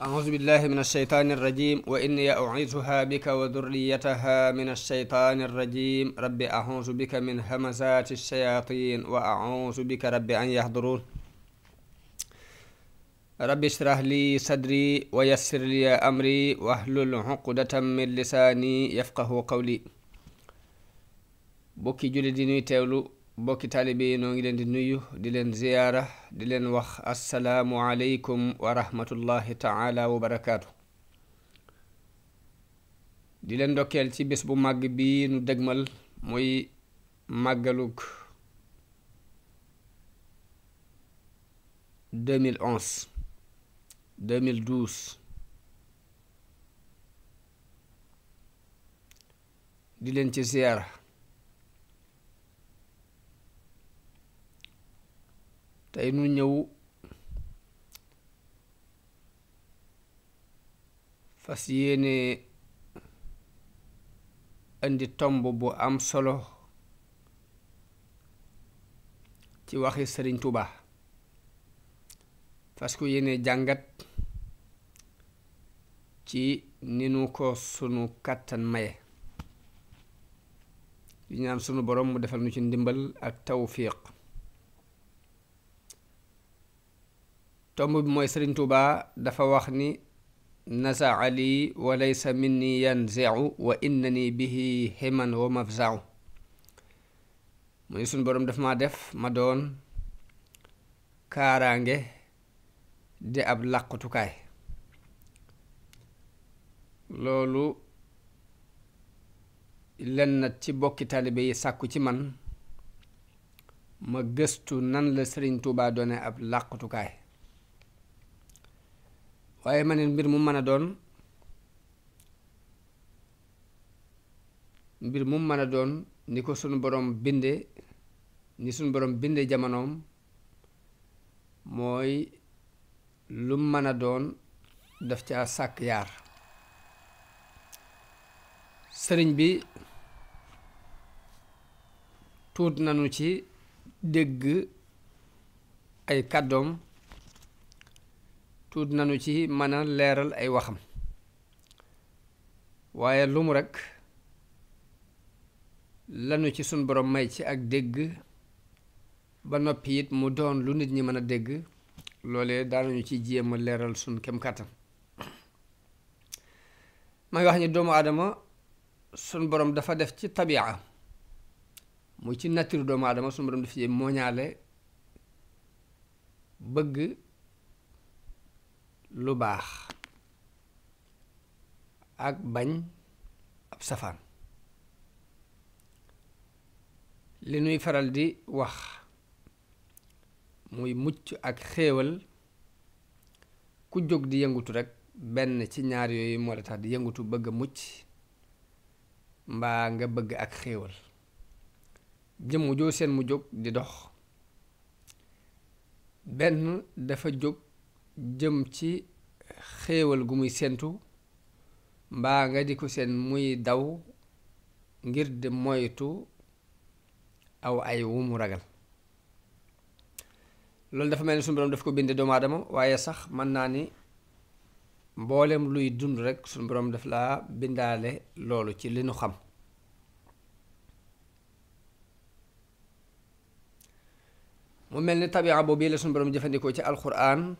أعوذ بالله من الشيطان الرجيم وإني أعيذها بك وذريتها من الشيطان الرجيم رب أعوذ بك من همزات الشياطين وأعوذ بك رب أن يحضرون رب اشرح لي صدري ويسر لي أمري واحلل عقدة من لساني يفقه قولي بوكي جلدي نيتيولو mbokki taalibe noo ngi leen di nuyu di leen ziyaara di leen wax assalaamu aleykum wa rahmatullahi wa barakaatu di leen ndokkeel ci bés bu màgg bi nu dëgmal muy màggalug 2011 di leen ci ziyaara tey nu ñëw fas yéene indi tomb bu am solo ci waxi sëriñ Tuuba fas ko yéene jàngat ci ni nu ko sunu kàttan maye yu ñaan sunu borom mu defal nu ci ndimbal ak tawfiq tomb bi mooy sëriñ Tuuba dafa wax ni nasa ali wa laysa minni yanziu wa innani bihi himan wa mafzau mu ne suñ boroom dafa ma def ma doon kaaraange di ab làqutukaay loolu lenn ci bokki taalibe yi sàkku ci man ma gëstu nan la sëriñ Tuuba doone ab làqutukaay waaye ma mbir mu mën a doon mbir mu mën a doon ni ko sunu borom binde ni sunu borom binde jamonoom mooy lu mën a doon daf caa sàkk yaar sëriñ bi tuut nañu ci dégg ay kàddoom tuut nanu ci mën a leeral ay waxam waaye lu mu rekk lanu ci sun borom may ci ak dégg ba noppi it mu doon lu nit ñi mën a dégg loole daanañu ci jéem a leeral sun kem kàttan may wax ni doomu aadama sun borom dafa def ci tabia mu ci nature doomu aadama sun borom daf ci mooñaale bëgg lu baax ak bañ ab safaan li nuy faral di wax muy mucc ak xéewal ku jóg di yëngutu rekk benn ci ñaar yooyu moo la tax di yëngutu bëgg a mucc mbaa nga bëgg ak xéewal jëmm joo seen mu jóg di dox benn dafa jóg jëm ci xéewal gu muy séentu mbaa nga di ko seen muy daw ngir di moytu aw ay wu ragal loolu dafa mel ni suñu borom daf ko binde doomu aadama waaye sax mën naa ni mboolem luy dund rek suñu borom daf laa bindaale loolu ci li nu xam mu mel ni bi boobu la suñu borom jëfandikoo ci alquran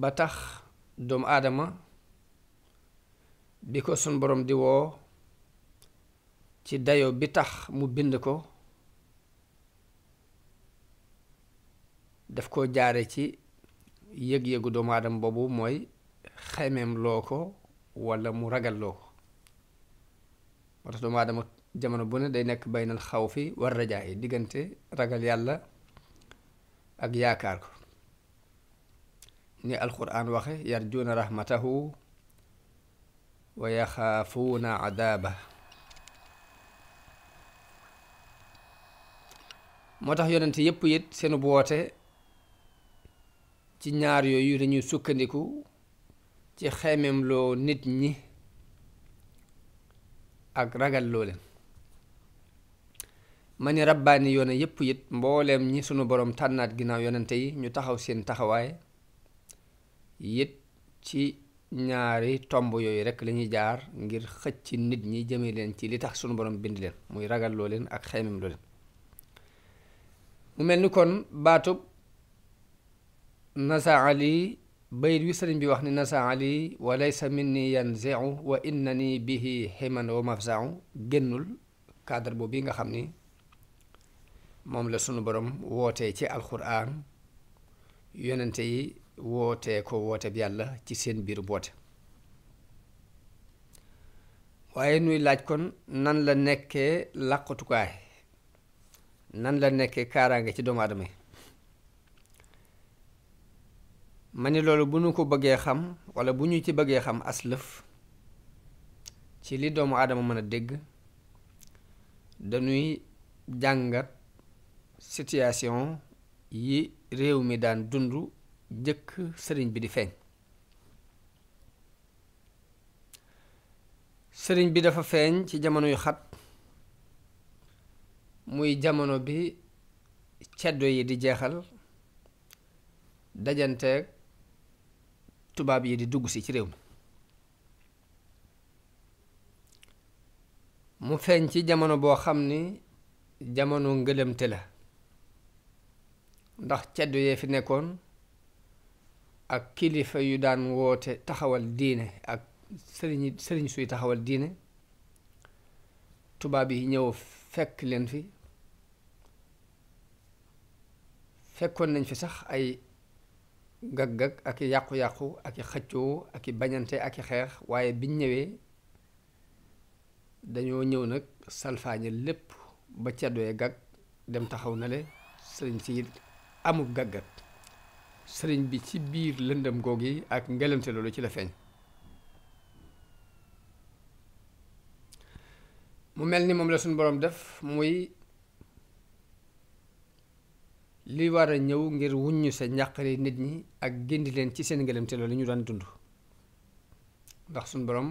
ba tax doomu aadama bi ko sun borom di woo ci dayo bi tax mu bind ko daf koo jaare ci yëg-yëgu doomu aadama boobu mooy xemeem loo ko walla mu ragal loo ko moo tax doomu aadama jamono bu ne day nekk baynal xaw fi war rajaa diggante ragal yàlla ak yaakaar ko ni alquran waxe yarjuuna rahmatahu wa yaxaafuuna adaaba moo tax yonent yépp it seenu woote ci ñaar yooyu dañuy sukkandiku ci xeymem loo nit ñi ak ragal loo leen ma ni rabbaani yoone yépp it mbooleem ñi sunu borom tànnaat ginnaaw yonente yi ñu taxaw seen taxawaay it ci ñaari tomb yooyu rek la ñuy jaar ngir xëcc nit ñi jëme leen ci li tax sunu borom bind leen muy ragal loo leen ak xeymem loo leen mu mel ni kon baatub nasa ali bayit wi sëriñ bi wax ni nasa ali wa laysa minni yanziu wa ni bihi ximan wa mafsau génnul cadre boobu nga xam ni moom la sunu borom wootee ci alquran yonente yi woote ko woote bi yàlla ci seen biir boote waaye nuy laaj kon nan la nekkee làqatukaay nan la nekkee kaaraange ci doomu aadama yi ma ni loolu bu ñu ko bëggee xam wala bu ñu ci bëggee xam aslëf ci li doomu aadama mën a dégg dañuy jàngat situation yi réew mi daan dund jëkk sëriñ bi di feeñ sëriñ bi dafa feeñ ci jamono yu xat muy jamono bi ceddo yi di jeexal dajanteeg tubaab yi di dugg si ci réew mi mu feeñ ci jamono boo xam ni jamono ngëlëmte la ndax ceddo yee fi nekkoon ak kilifa yu daan woote taxawal diine ak sëriñ sëriñ suy taxawal diine tubaab yi ñëw fekk leen fi fekkoon nañ fi sax ay gag ak yàqu-yàqu ak i xëccoo ak i bañante ak i xeex waaye biñ ñëwee dañoo ñëw nag salfaañe lépp ba ceddooye gag dem taxaw nale sëriñ si amub gag-gag sëriñ bi ci biir lëndëm goog yi ak ngelamte loolu ci la feeñ mu mel ni moom la suñu boroom def muy li war a ñëw ngir wuññu sa njàqare nit ñi ak géndi leen ci seen ngelamte loolu ñu daan dund ndax suñu boroom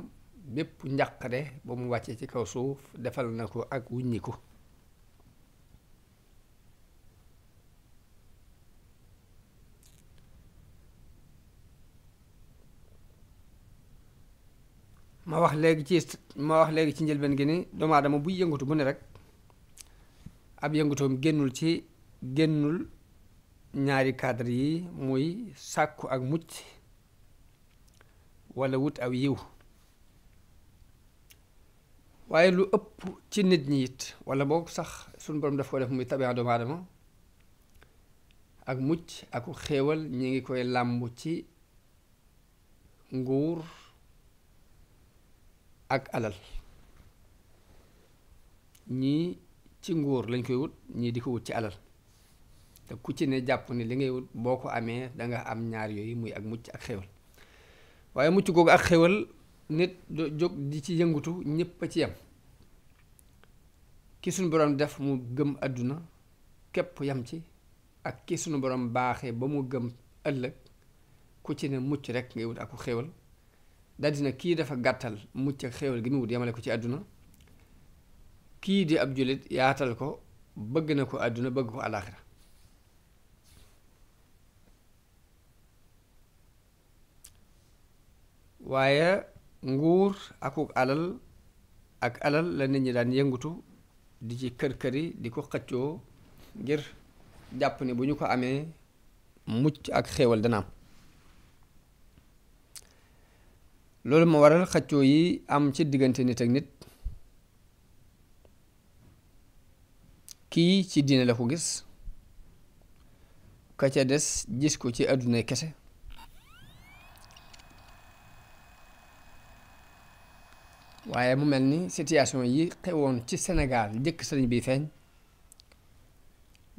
bépp njàqare ba mu wàccee ci kaw suuf defal na ko ak wuññiku ma wax léegi ci ma wax léegi ci njëlbeen gi ni doomu aadama buy yëngatu bu ne rek ab yëngatoom génnul ci génnul ñaari cadre yi muy sàkku ak mucc walla wut aw yiw waaye lu ëpp ci nit ñi it walla boog sax suñu borom daf ko def muy tabian doomu ak mucc aku xéewal ñu ngi koy làmb ci nguur ak alal ñii ci nguur lañ koy wut ñii di ko wut ci alal te ku ci ne jàpp ni li ngay wut boo ko amee danga am ñaar yooyu muy ak mucc ak xéwal waaye mucc googu ak xéwal nit do jóg di ci yëngutu ñépp a ci yem ki suñu borom def mu gëm àdduna képp yam ci ak ki sunu borom baaxee ba mu gëm ëllëg ku ci ne mucc rekk ngay wut ak xéwal daal dina kii dafa gàttal mucc ak xéewal gi mu wut yamale ko ci àdduna kii di ab jullit yaatal ko bëgg na ko àdduna bëgg ko alaaxira waaye nguur akuk alal ak alal la nit ñi daan yëngutu di ci kër-këri di ko xëccoo ngir jàpp ne bu ñu ko amee mucc ak xéewal dana loolu ma waral xaccoo yi am ci diggante nit ak nit kii ci diine la ko gis ka ca des gis ko ci àdduna kese waaye mu mel ni situation yi xewoon ci senegaal njëkk sëriñ bi feeñ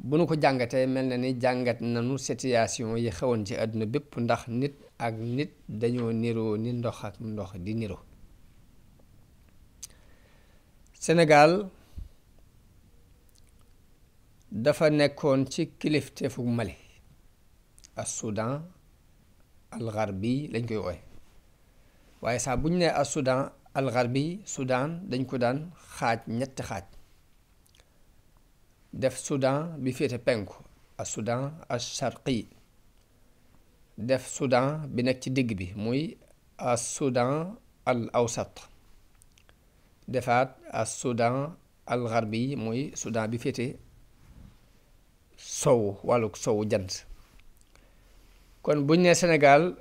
bu nu ko jàngatee mel na ni jàngat nanu situation yi xewoon ci àdduna bépp ndax nit ak nit dañoo niroo ni ndox ak ndox di niro senegaal dafa nekkoon ci kilifteefu Mali as Soudan al Gharbi lañ koy wooye waaye saa buñ ne nee as Soudan al Gharbi Soudan dañ ko daan xaaj ñetti xaaj def sudan bi féete penku as Soudan al Sharqi def Soudan bi nekk ci digg bi muy as Soudan al awsat defaat as Soudan al xarbi muy Soudan bi féete sow wallu sowu jant kon buñ ne Sénégal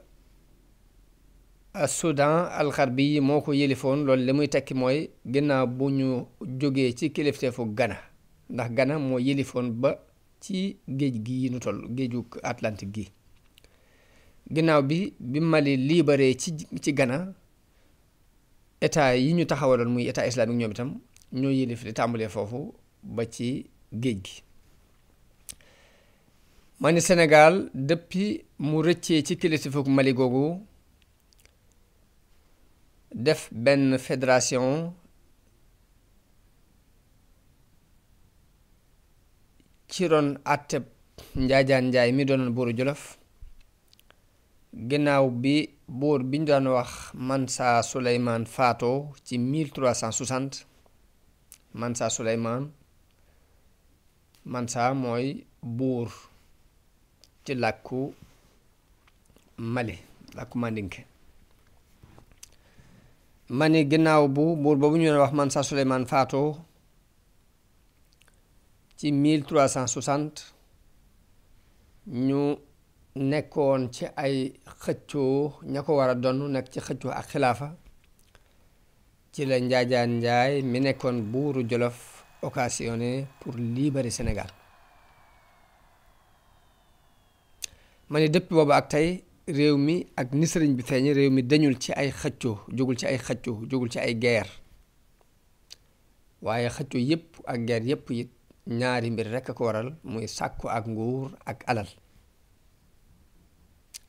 as Soudan al xarbi moo ko yëlifoon loolu li muy tekki mooy ginnaaw bu ñu jógee ci kilifteefu Gana ndax Gana moo yëlifoon ba ci géej gii nu toll géeju Atlantique gi ginnaaw bi bi Mali libéré ci ci gana état yi ñu taxawaloon muy état islamique ñoom itam ñoo yilif li tàmbalee foofu ba ci géej gi ma senegaal Sénégal mu rëccee ci kilifteefu Mali googu def benn fédération ci ron àtteb njaajaan njaay mi doonoon buuru Jolof ginnaaw bi buur bi ñu daan wax Mansa Souleymane faatoo ci 1360 Mansa Souleymane Mansa mooy buur ci làkku Mali làkku Mandinke ma ni ginnaaw bu buur boobu ñu daan wax Mansa Souleymane faatoo ci 1360 ñu nekkoon ci ay xëccoo ña ko war a donn nekk ci xëccoo ak xilaafa ci la njaajaan njaay mi nekkoon buuru jolof occasionné pour libérer Sénégal ma ne depuis ak tey réew mi ak ni sëriñ bi feeñe réew mi dañul ci ay xëccoo jógul ci ay xëccoo jógul ci ay guerre waaye xëccoo yépp ak guerre yépp it ñaari mbir rekk a ko waral muy sàkku ak nguur ak alal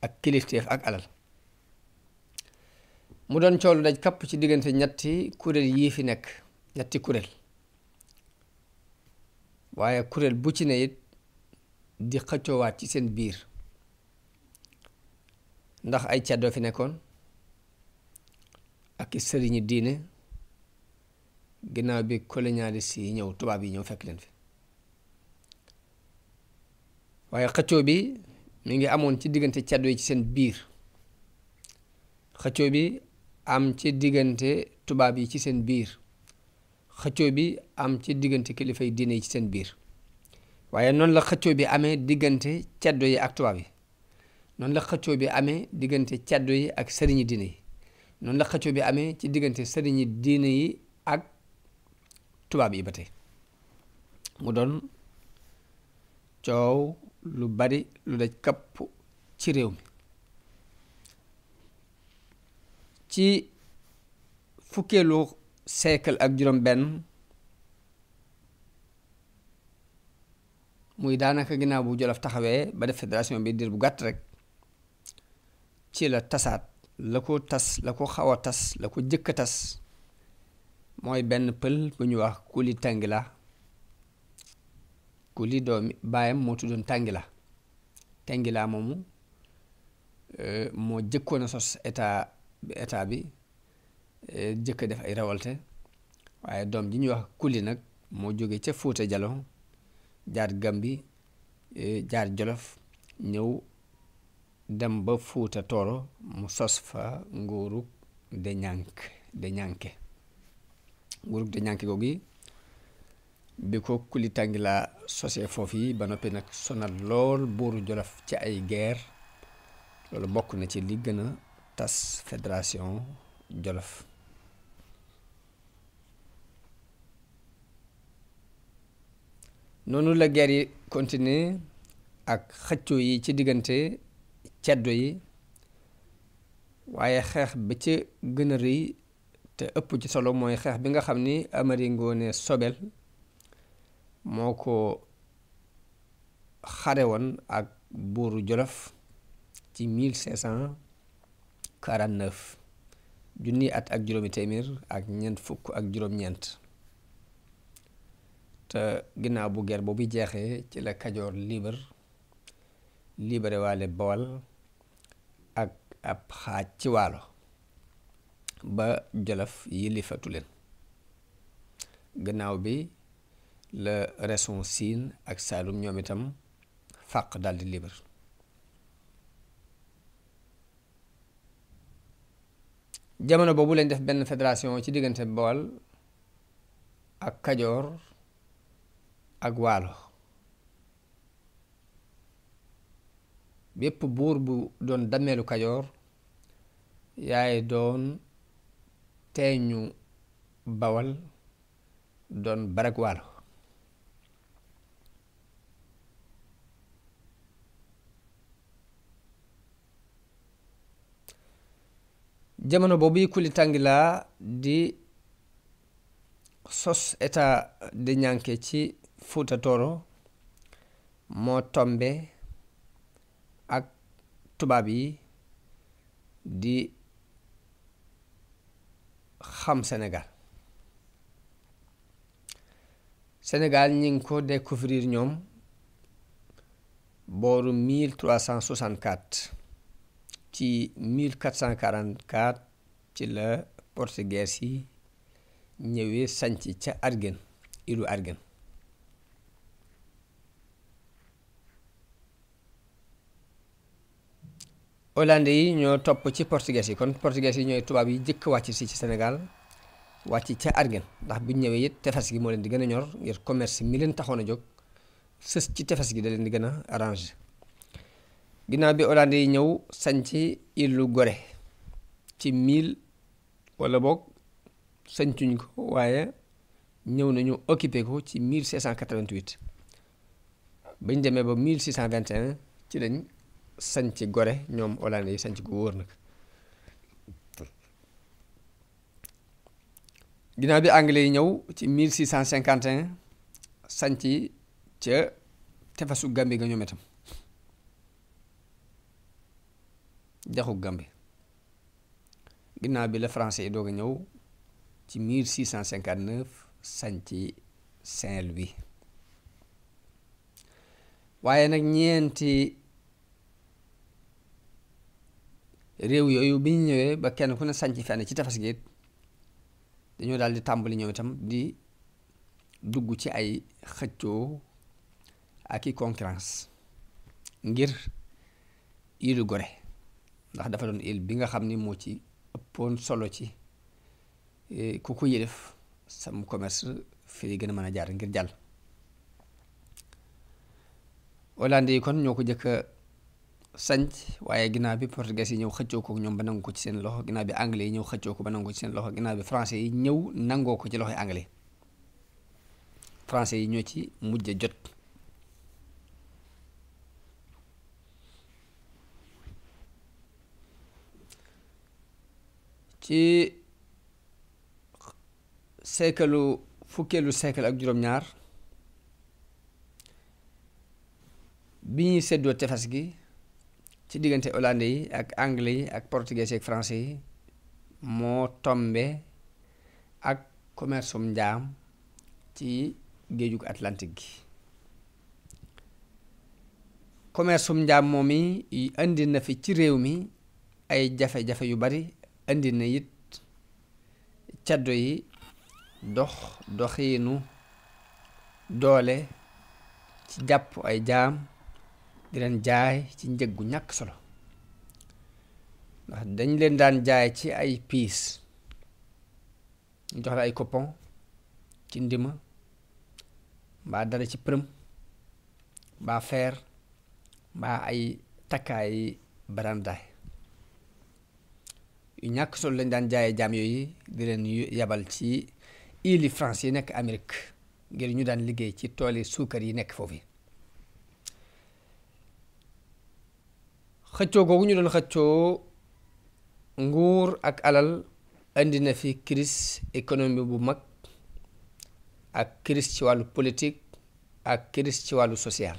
ak kilifteef ak alal mu doon coow lu daj kapp ci diggante ñetti kuréel yii fi nekk ñetti kuréel waaye kuréel bu ci ne it di xëccoowaat ci seen biir ndax ay caddoo fi nekkoon ak i sëriñi diine ginnaaw bi colonialiste yi ñëw tubaab yi ñëw fekk leen fi waaye xëccoo bi mu ngi amoon ci diggante caddo yi ci seen biir xëcco bi am ci diggante tubaab yi ci seen biir xëccoo bi am ci diggante kilifay yi yi ci seen biir waaye noonu la xëcco bi amee diggante caddo yi ak tubaab yi noon la xëcco bi amee diggante caddo yi ak sëriñi diine yi noonu la bi amee ci diggante sëriñi diine yi ak tubaab yi ba tey mu doon coow lu bari lu daj kapp ci réew mi ci fukkeelu siècle ak juróom benn muy daanaka ginnaaw bu Jolof taxawee ba def fédération bi diir bu gàtt rek ci la tasaat la ko tas la ko xaw a tas la ko jëkk a tas mooy benn pël bu ñu wax Kuli Tengla Kuli doomi baayam moo tuddoon Tàngila Tàngila moomu euh, moo jëkkoon a sos état état bi euh, jëkk a def ay rawalte waaye doom ji ñuy wax Kuli nag moo jóge ca Fuuta Jalo jaar Gambi euh, jaar Jolof ñëw dem ba Fuuta Tooro mu sos fa nguurug de ñànk de ñànke nguurug de ñànke googu bi ko kuli tàngi laa sosee foofu yi ba noppi nag sonal lool buuru jolof ci ay guerre loolu bokk na ci li gën tas fédération jolof noonu la guerre yi continuer ak xëccoo yi ci diggante ceddo yi waaye xeex ba ci gën a te ëpp ci solo mooy xeex bi nga xam ni Amari Ngoone Sobel moo ko xare woon ak buuru jolof ci mille cinq junni at ak juróomi téeméer ak ñeent fukk ak juróom-ñeent te ginnaaw bu guerre boobu jeexee ci la kajoor libre libéré waale bawal ak ab xaaj ci waalo ba jolof yilifatu leen gannaaw bi la région siin ak Saalum ñoom itam fàq daldi libar jamono boobu lañ def benn fédération ci diggante Bawol ak Kajoor ak Waalo bépp buur bu doon dameelu Kajoor yaay doon teeñu bawal doon barag Waalo jamono boobu Kuli Tangila di sos état de ñànke ci Fuuta Tooro moo tombe ak tubaab yi di xam Sénégal Sénégal ñi ngi ko découvrir ñoom booru 1364 ci cent quarante 1444 ci la portugais yi ñëwee sanc ca Arguin ilu Arguin hollandais yi ñoo topp ci portugais yi kon portugais yi ñooy tubaab yi jëkk wàcc si ci Sénégal wàcc ca Arguin ndax bu ñu ñëwee it tefes gi moo leen di gën a ñor ngir commerce mi leen taxoon a jóg sës ci tefes gi da leen di gën a arrangé ginnaaw bi Hollande yi ñëw sañc illu gore ci mille wala boog sancuñ ko waaye ñëw nañu occupé ko ci cent 1688 bañ demee ba 1621 ci lañ sañc gore ñoom Hollande yi sanc ko wóor nag ginnaaw bi anglais yi ñëw ci 1651 sanc ca tefasu Gambie ga ñoom itam jaxu Gambie ginnaaw bi la français yi doog a ñëw ci 1659 sanc Saint-Louis waaye nag ñeenti réew yooyu bi ñu ñëwee ba kenn ku ne sanc fenn ci tefes gi dañoo daal di tàmbali ñoom itam di dugg ci ay xëccoo ak i concurrence ngir ilu gore ndax dafa doon il bi nga xam ni moo ci ëppoon solo ci e, ku ko yëlef sam commerce fii gën a mën a jaar ngir jàll Hollande yi kon ñoo ko jëkk a sanc waaye ginnaaw bi portugais yi ñëw xëccoo ko ñoom ba nangu ko ci seen loxo ginnaaw bi anglais yi ñëw xëccoo ko ba nangu ko ci seen loxo ginnaaw bi français yi ñëw nangoo ko ci loxoy anglais français yi ñoo ci mujj jot ci seekalu fukkeelu seekal ak juróom-ñaar bi ñuy seddoo tefes gi ci diggante hollandais yi ak anglais yi ak portugais yi ak français yi moo tombe ak commerce um njaam ci géejug Atlantique gi commerce um njaam moom mi indi na fi ci réew mi ay jafe-jafe yu bari indi na it caddo yi dox doxiinu doole ci jàpp ay jaam di leen jaay ci njëg gu ñàkk solo ndax dañ leen daan jaay ci ay piis ñu jox la ay coupon ci ndima mbaa dara ci përëm mbaa feer mbaa ay takkaay barandaay yu ñàkk solo lañ daan jaaye jaam yooyu di leen yabal ci îles France yi nekk Amérique ngir ñu daan liggéey ci tooli suukar yi nekk foofu yi xëccoo googu ñu doon xëccoo nguur ak alal indi na fi crise économique bu mag ak crise ci wàllu politique ak crise ci wàllu social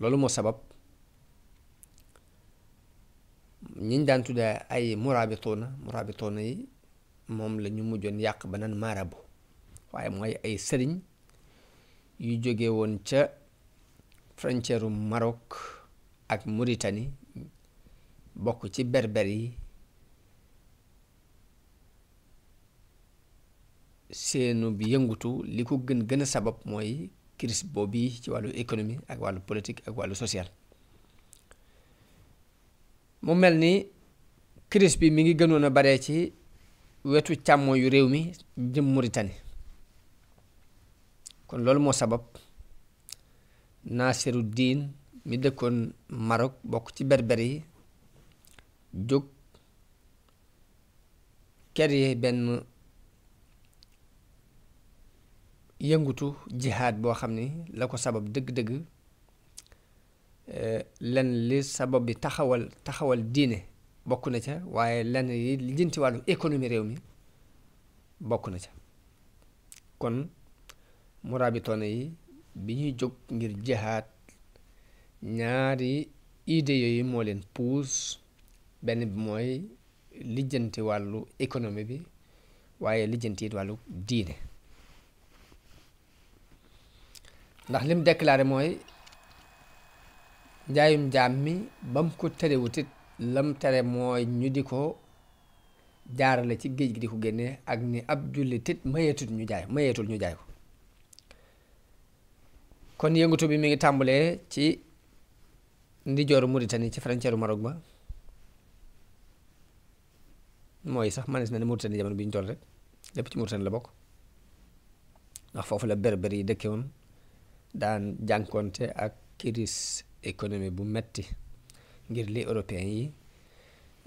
loolu moo sabab ñiñ daan tuddee ay murabituuna murabituuna yi moom lañu ñu mujjoon yàq ba naan maarabu waaye mooy ay sëriñ yu jóge woon ca frontière marok ak Mauritanie bokk ci berber yi seenu bi yëngutu li ko gën gën a sabab mooy kiris crise boobu ci wàllu économie ak wàllu politique ak wàllu social mu mel ni crise bi mi ngi gënoon a baree ci wetu càmmo yu réew mi jëm Mauritanie kon loolu moo sabab Naasiru Diin mi dëkkoon Maroc bokk ci berber yi jóg ker yi benn yëngutu jihaad boo xam ni la ko sabab dëgg-dëgg Eh, lenn li sabab bi taxawal taxawal diine bokk na ca waaye lenn yi li jënti wàllu économie réew mi bokk na ca kon murabitoona yi bi ñuy jóg ngir jihaad ñaari idée yooyu moo leen puus benn bi mooy lijjanti wàllu économie bi waaye lijjanti wàllu diine ndax lim déclaré mooy njaayum jaam mi bam ko terewutit lam tere mooy ñu di ko jaarale ci géej gi di ko génnee ak ni ab jullitit mayeetul ñu jaay mayeetul ñu jaay ko kon yëngutu bi mi ngi tàmbalee ci ndijooru Mauritanie ci frontière Maroc ma mooy sax manees na ne Mauritanie jamono bi ñu toll rek lépp ci Mauritanie la bokk ndax foofu la berber yi dëkke daan jànkonte ak kiris économie bu metti ngir li européen yi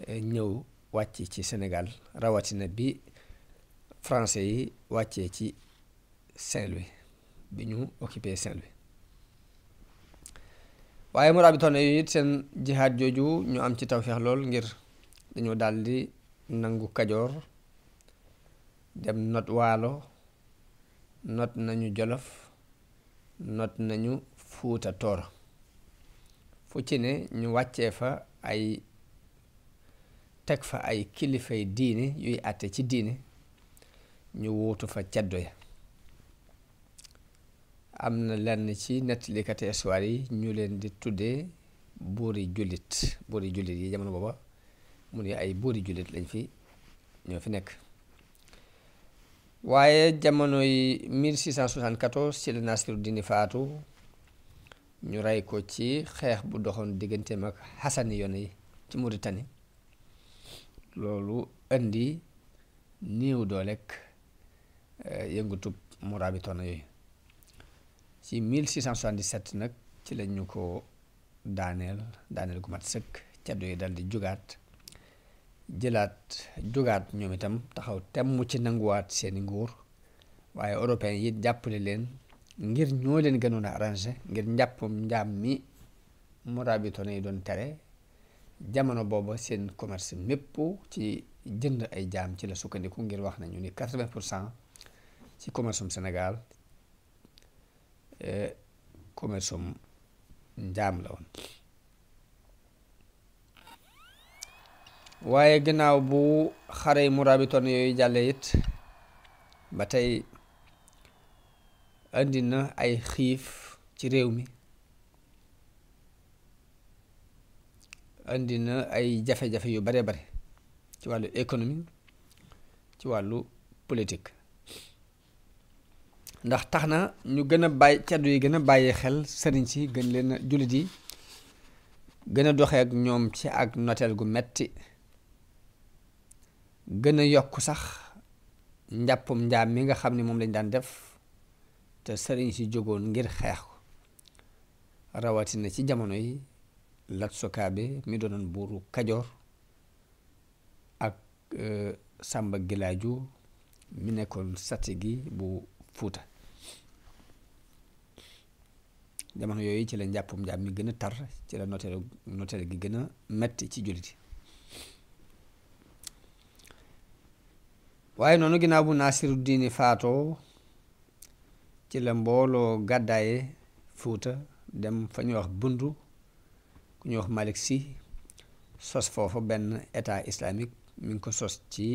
eh, ñëw wàcc ci senegal rawatina bi français yi wàccee ci saint bi ñu occupé Saint-Louis waaye murabitoon yu it seen jihaad jooju ñu am ci tawfeex lool ngir dañoo daldi nangu kajoor dem not waalo not nañu jolof not nañu fuuta tooro fu ci ne ñu wàccee fa ay teg fa ay kilifay diine yuy àtte ci diine ñu wuutu fa caddo ya am na lenn ci nettalikati histoire yi ñu leen di tuddee buuri jullit buuri jullit yi jamono booba mu ni ay buuri jullit lañ fi ñoo fi nekk waaye jamono yi 1674 ci la Nasiruddin faatu ñu rey ko ci xeex bu doxoon digganteem ak xasani yoon yi ci Mauritanie loolu indi néew dooleeg euh, yëngutub murabitoona yooyu ci mille 1677 nag ci lañ ñu ko daaneel daaneel gu mat sëkk caddo yi dal di jugaat jëlaat jugaat ñoom itam taxaw temm ci nanguwaat seeni nguur waaye européen yi jàppale leen ngir ñoo leen gënoon a arrangé ngir njàppum njaam mi murabitoon yi doon tere jamono booba seen commerce mépp ci jënd ay jaam ci la sukkandiku ngir wax nañu ni pour cent ci commerce senegal Sénégal eh, commerce um njaam la woon waaye gannaaw bu xare yi murabitoon yooyu jàlle it ba tey indi na ay xiif ci réew mi indi na ay jafe-jafe yu bare bare ci wàllu économie ci wàllu politik ndax tax na ñu gën a bàyyi caddu yi gën a bàyyi xel sëriñ si gën leen a jullit yi gën a doxee ak ñoom ci ak noteel gu metti gën a yokk sax njàppum njaam mi nga xam ni moom lañ daan def te sëriñ si jógoon ngir xeex ko rawatina ci jamono yi Lat Sokaabe mi doonoon buuru Kajoor ak e, Sàmba Gilaaju mi nekkoon gi bu Fuuta jamono yooyu ci la njàppum njaam mi gën a tar ci la noteelu noteelu gi gën a metti ci jullit yi waaye noonu ginnaaw bu Naasiru Diini faatoo ci la mbooloo gàddaaye fuuta dem fa ñuy wax bundu ku ñuy wax Malick si sos foofu benn état islamique mi ngi ko sos ci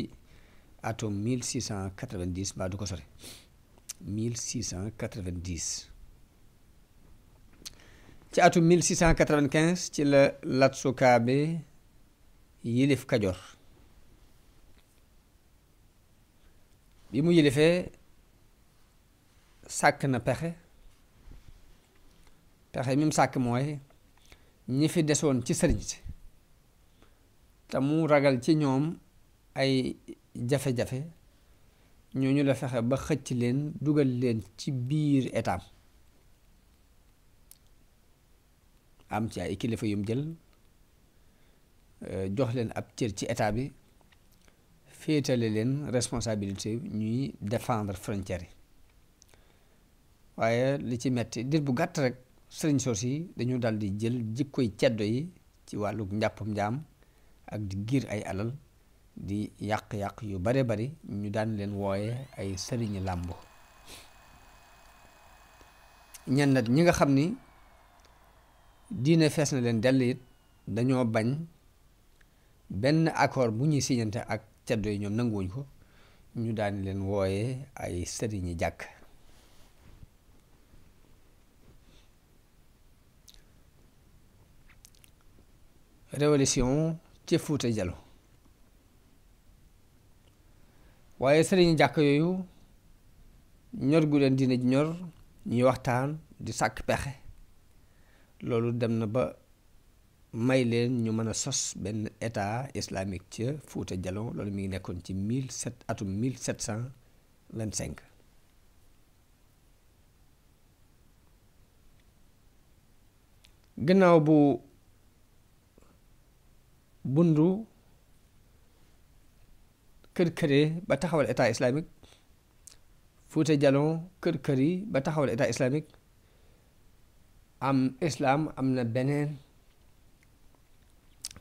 atum 1690 mbaa du ko sore 1690 ci atum 1695 ci la Latsukaabe yilif Kajoor bi mu yilifee sàkk na pexe pexe mim sàkk mooy ñi fi desoon ci sëriñ si te mu ragal ci ñoom ay jafe-jafe ñooñu la fexe ba xëcc leen dugal leen ci biir état am ci ay kilifa yum jël jox leen ab cër ci état bi féetale leen responsabilité ñuy defendre frontière yi waaye li ci metti dir bu gàtt rek sëriñ soos yi dañu daal di jël jikkoy ceddo yi ci wàllu njàppam njaam ak di giir ay alal di yàq-yàq yu bare bari ñu daan leen wooye ay sëriñi làmb ñen ñi nga xam ni diine fees na leen dell it dañoo bañ benn accord bu ñuy siñante ak ceddo yi ñoom nanguwuñ ko ñu daan leen wooye ay sëriñi jàkk révolution ci Fuuta Jallo waaye sëriñu jàkk yooyu ñor gu leen dina ñor ñuy waxtaan di sàkk pexe loolu dem na ba may leen ñu mën a sos benn état islamique ca Fuuta Jallo loolu mi ngi nekkoon ci mille sept atum mille sept cent vingt cinq gannaaw bu bundu kër-këre ba taxawal état islamique Fuuta Jalon kër-kër yi ba taxawal état islamique am islam am na beneen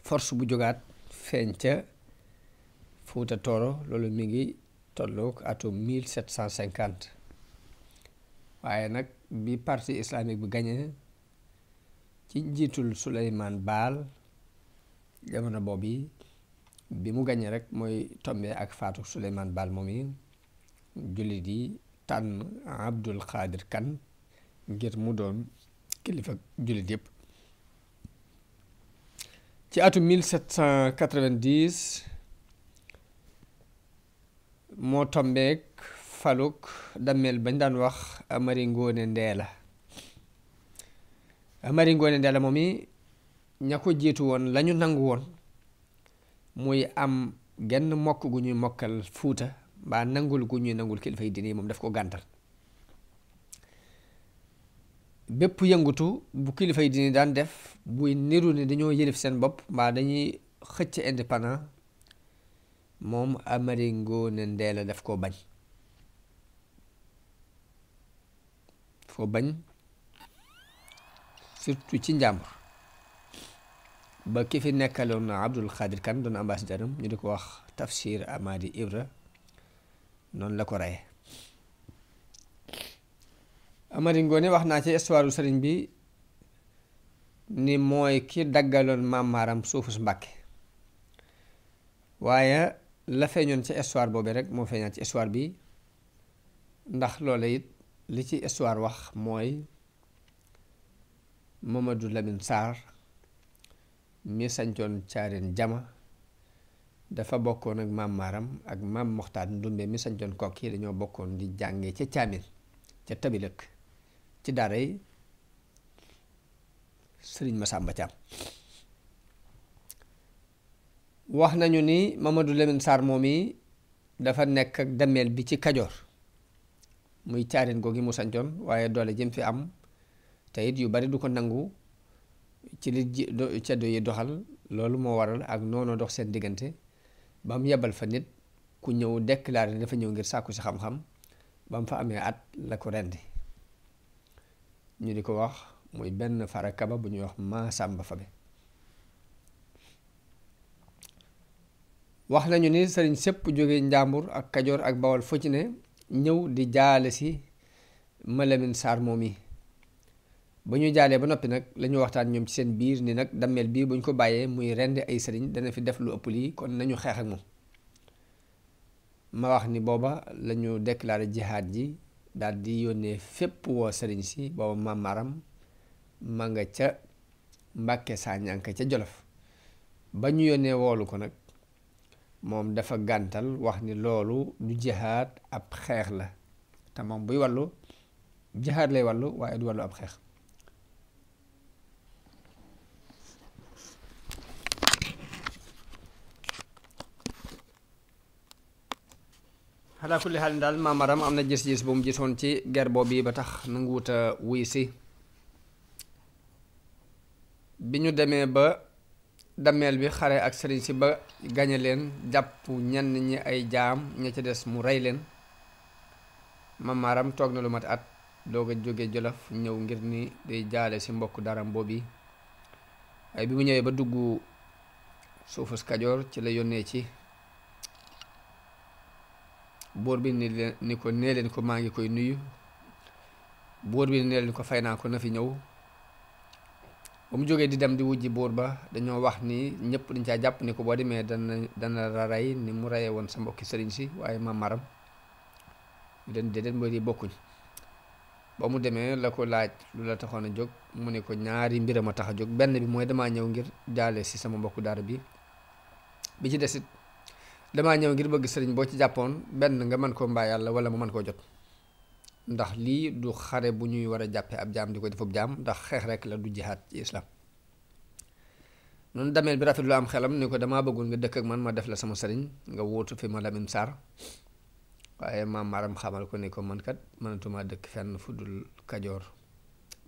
force bu jogaat feeñ ca Fuuta Tooro loolu mi ngi tolloog atum 1750 waaye nag bi parti islamique bi gañe ci njiitul Souleymane Baal jamono boobu yi bi mu gañee rek mooy tombee ak faatu Souleymane Baal moom yi jullit yi tànn Abdul Xaadir Kan ngir mu doon kilifa jullit yëpp ci atum 1790 moo tombeek faluk dammeel bañ daan wax Amari Ngoone Ndeela Amari Ngoone Ndeela moom i ña ko jiitu woon lañu nangu woon muy am genn mokk gu ñuy mokkal fuuta mbaa nangul gu ñuy nangul kilifa yi diine moom daf ko gàntal bépp yëngutu bu kilifa yi diine daan def buy niru ni dañoo yëlif seen bopp mbaa dañuy xëcc indépendant moom Amari Ngoone Ndeela daf koo bañ daf ko bañ surtout ci njàmbur ba ki fi nekkaloon na Abdul Xaadir Kan doon ambassadeur am ñu di ko wax Tafsir Amady Ibra noonu la ko reye Amady Ngoone wax naa ci histoire sëriñ bi ni mooy ki daggaloon maamaaram suufu su Mbàkke waaye la feeñoon ci histoire boobu rek moo feeñaat ci histoire bi ndax loola it li ci histoire wax mooy moomadu Lamine Sarr mi sancoon caarin jama dafa bokkoon ak maam maaram ak maam moxtaar ndumbe mi sancoon kokki dañoo bokkoon di jànge ca caamil ca tabilëk ci daara yi sëriñ Masamba Caam wax nañu ni Mamadou Lamine Sarr moom yi dafa nekk ak dameel bi ci kajoor muy caareen googi mu sancoon waaye doole jëm fi am te yu bari du ko nangu ci li ji yi doxal loolu moo waral ak noonu dox seen diggante ba mu yebal fa nit ku ñëw déclaré dafa ñëw ngir sàkku si xam-xam ba mu fa amee at la ko rendi ñu di ko wax muy benn farakaba bu ñuy wax Maasamba bi wax nañu ni sëriñ sëpp jóge njàmbur ak kajoor ak bawal fu ci ne ñëw di jaale si Malamine Sarr moom yi ba ñu jaalee ba noppi nag la ñu waxtaan ñoom ci seen biir ni nag dameel bii bu ñu ko bàyyee muy rend ay sëriñ dana fi def lu ëpp lii kon nañu xeex ak moom ma wax ni booba lañu ñu déclaré jihaad ji daal di yónnee fépp woo sëriñ si booba maam Maram ma nga ca Mbàkke Saañanka ca Jolof ba ñu yónnee woolu ko nag moom dafa gàntal wax ni loolu du jihaad ab xeex la te moom buy wàllu jihaad lay wàllu waaye du wàllu ab xeex ala kulli xaalin daal maamaram am na gis-gis bu mu gisoon ci ger boobu ba tax nanguwut a wuy si bi ñu demee ba dameel bi xare ak sëriñ si ba gañe leen jàpp ñenn ñi ay jaam ña ci des mu rey leen maamaaram toog na lu mat at doog a jóge jolof ñëw ngir ni day jaale si mbokk daram boobu ay bi mu ñëwee ba dugg suufus kajoor ci la yónnee ci buur bi ni leen ni ko nee leen ko maa ngi koy nuyu buur bi nee leen ko fay naa ko na fi ñëw ba mu jógee di dem di wujji buur ba dañoo wax ni ñëpp dañ caa jàpp ni ko boo demee dana dana ni mu reyee woon sa mbokki sëriñ si waaye ma maram leen déedéet mooy di bokkuñ ba mu demee la ko laaj lu la taxoon a jóg mu ne ko ñaari mbiram a tax a jóg benn bi mooy damaa ñëw ngir jaale si sama mbokku dara bi bi ci desit damaa ñëw ngir bëgg sëriñ boo ci jàppoon benn nga man koo mbaa yàlla wala mu mën koo jot ndax lii du xare bu ñuy war a jàppee ab jaam di ko defub jaam ndax xeex rek la du jihaad ci islam noonu dameel bi rafet lu am xelam ni ko damaa bëggoon nga dëkk ak man ma def la sama sëriñ nga wóotu fi ma Lamine saar waaye maam maaram xamal ko ni ko man kat mënatuma dëkk fenn fu dul Kajoor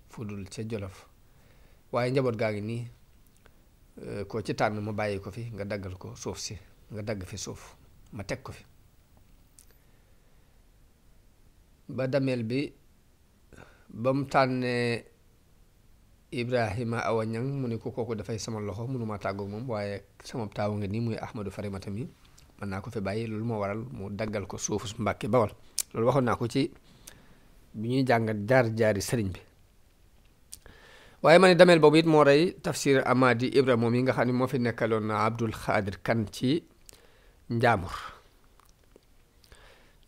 fu dul ca Jolof waaye njaboot gaa ngi nii eh, koo ci tànn ma bàyyi ko fi nga daggal ko suuf si nga dagg fi suuf ma teg ko fi ba dameel bi ba mu tànnee Ibrahima Awa Ñang mu ne ko kooku dafay sama loxo mënuma tàggoog moom waaye sama taawu nga nii muy Ahmadou Farimata mi mën naa ko fi bàyyi loolu moo waral mu daggal ko suufu Mbàkke Bawol loolu waxoon naa ko ci bu ñuy jàngat jaar jaari sëriñ bi waaye ma ne dameel boobu it moo rey tafsir Amady Ibra moom yi nga xam ne moo fi nekkaloon Abdul Xaadir Kan ci njaamur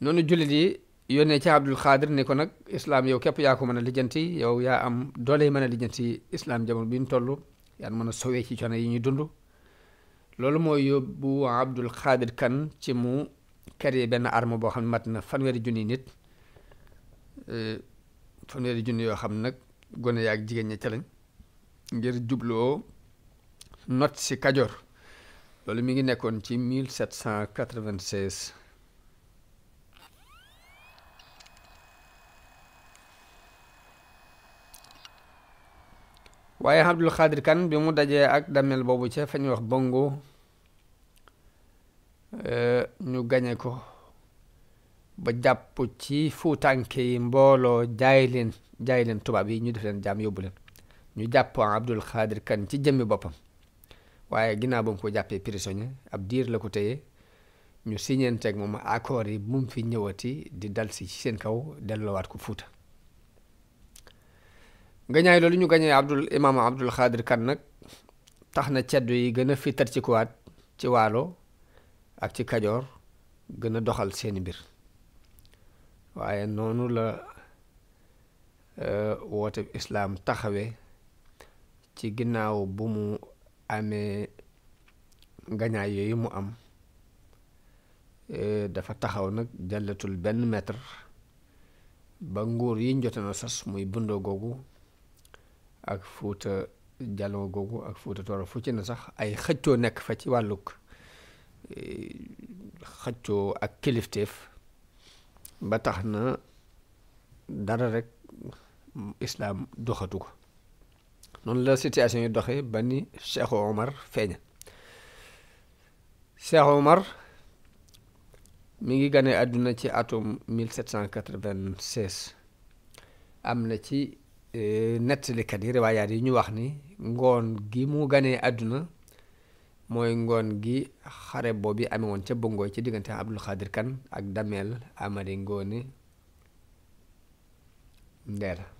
noonu jullit yi yónnee ci Abdul Xaadir ni ko nag islaam yow képp yaa ko mën a lijjanti yow yaa am doole yi mën a lijjanti islaam jamono bi ñu toll yaa mën a sowee ci coono yi ñuy dund loolu mooy yóbbu Abdul Xaadir kan ci mu créer benn arme boo xam ne mat na fanweeri junni nit fanweeri junni yoo xam nag gone yaa ak jigéen ña ca lañ ngir jubloo not si Kajoor loolu mi ngi nekkoon ci 1796 waaye Abdul Xaadir Kan bi mu dajee ak damel boobu ca fa ñuy wax bongo eh, ñu gañe ko ba jàpp ci fuutànke yi mbooloo jaay leen jaay leen tubaab yi ñu def leen jaam yóbbu leen ñu jàpp Abdul Xaadir Kan ci jëmmi boppam waaye ginnaaw ba mu ko jàppee prisonnier ab diir la ko téye ñu siñeenteeg moom accord yi bu mu fi ñëwati di dal si ci seen kaw delloowaat ko Fuuta gañaay loolu ñu gañee Abdul Imaam Abdul Xaadir Kan nag tax na ceddu yi gën a fitar ci kuwaat ci waalo ak ci kajoor gën a doxal seeni mbir waaye noonu la euh, woote islaam taxawe ci ginnaaw bu mu amee ngañaay yooyu mu am eh, dafa taxaw nag jàllatul benn mètre ba nguur yi njote na sas muy bundoo googu ak fuuta jalloo googu ak fuuta tooro fu ci sax ay xëccoo nekk fa ci wàllug eh, xëccoo ak kilifteef ba tax na dara rekk islaam doxatu ko noonu la situation yi doxee ba ni Cheikh Omar feeña Cheikh Omar mi ngi gane àdduna ci atum 1796 am na ci e, nettalikat yi riwaayaat yi ñu wax ni ngoon gi mu ganee àdduna mooy ngoon gi xare boobu yi amee ca Bongooy ci diggante Abdul Xaadir Kan ak Dameel Amari Ngoone Ndeela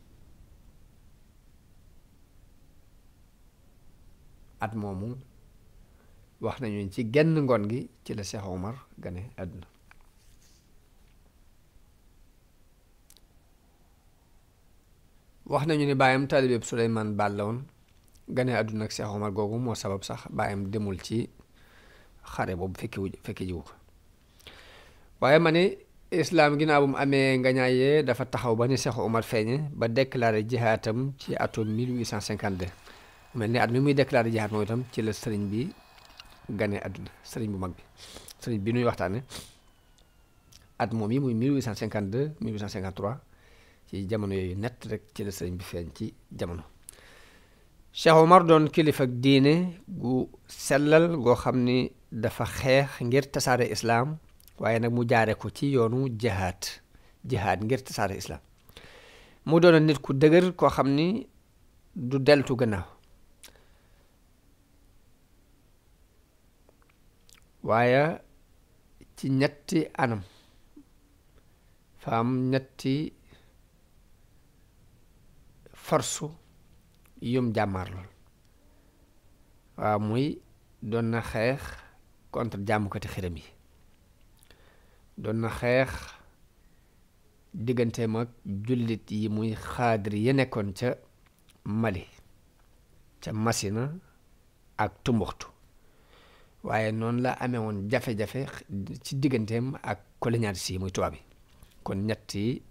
at moomu wax nañu ci genn ngoon gi ci la Cheikh Omar gane àdduna wax nañu ni baayam taalibeeb Suleymaan Baal la woon gane àdduna ak Cheikh Omar googu moo sabab sax baayam demul ci xare boobu fekkiwu fekki jiwu ko waaye ma ne islaam ginnaaw bu mu amee nga ñaayee dafa taxaw ba ni Cheikh Omar feeñe ba déclaré jihaatam ci atum 1852 mel ni at mi muy déclaré jihaat moom itam ci la sëriñ bi gane àdduna sëriñ bu mag bi sëriñ bi nuy waxtaane at moom yi muy 1852 1853 ci jamono yooyu nett rek ci la sëriñ bi feeñ ci jamono Cheikh Omar doon kilifa diine gu sellal goo xam ni dafa xeex ngir tasaare islaam waaye nag mu jaare ko ci yoonu jihaat jihaat ngir tasaare islaam mu doon nit ku dëgër koo xam ni du deltu gannaaw waaye ci ñetti anam fa am ñetti farsu yum jàmmaar lool waaw muy doon na xeex contre jàmmukati xiram yi doon na xeex digganteem ak jullit yi muy xaadir ya nekkoon ca Mali ca Masina ak Tumbuktu waaye noonu la amee woon jafe-jafe ci digganteem ak colonialiste yi muy tubaab kon ñetti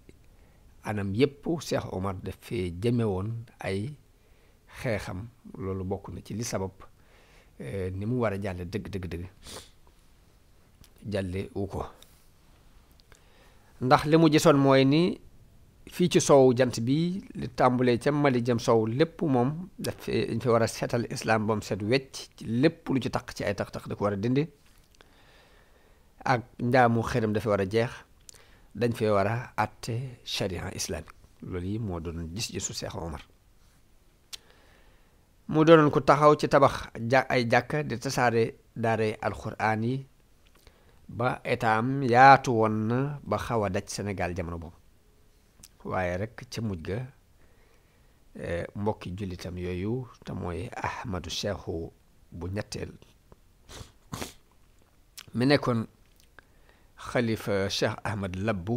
anam yépp Cheikh Omar dafee jëme woon ay xeexam loolu bokk na ci li sabab eh, ni mu war a jàlle dëgg dëgg dëgg jàlle wu ko ndax li mu gisoon mooy ni fii ci soow jant bi li tàmbulee ca Mali jëm soow lépp moom daf dañ fi war a seetal islaam boom seet set wecc lépp lu ci takk ci ay taq-taq da ko war a dindi ak njaamu xërëm dafa war a jeex dañ fee war a àtte charia islamique loolu yi moo doon gis-gisu Seex Omar mu doonoon ko taxaw ci tabax ay jàkka di tasaare daaray alxuraan yi ba état am yaatu woon na ba xaw a daj Sénégal jamono boobu waaye rek ca mujj ga e, mbokki jullitam yooyu te mooy ahmadu cheikhu bu ñetteel mi nekkoon xalifa cheikh ahmad labbu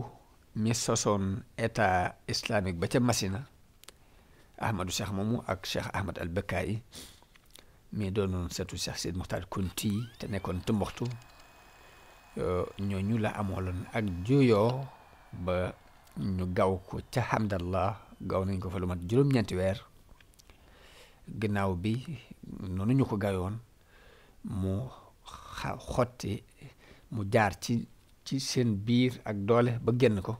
mi sosoon état islamique ba ca masina ahmadu cheikh moomu ak cheikh ahmad al bakaayi mi doonoon seetu cheikh sid muxtaar kunti te nekkoon tumbaxtu ñooñu la amooloon ak juyoo ba ñu gaaw ko ca Hamdallah gaw nañ ko fa lu mat juróom-ñeenti weer ginnaaw bi noonu ñu ko gayoon mu xotti mu jaar ci ci seen biir ak doole ba génn ko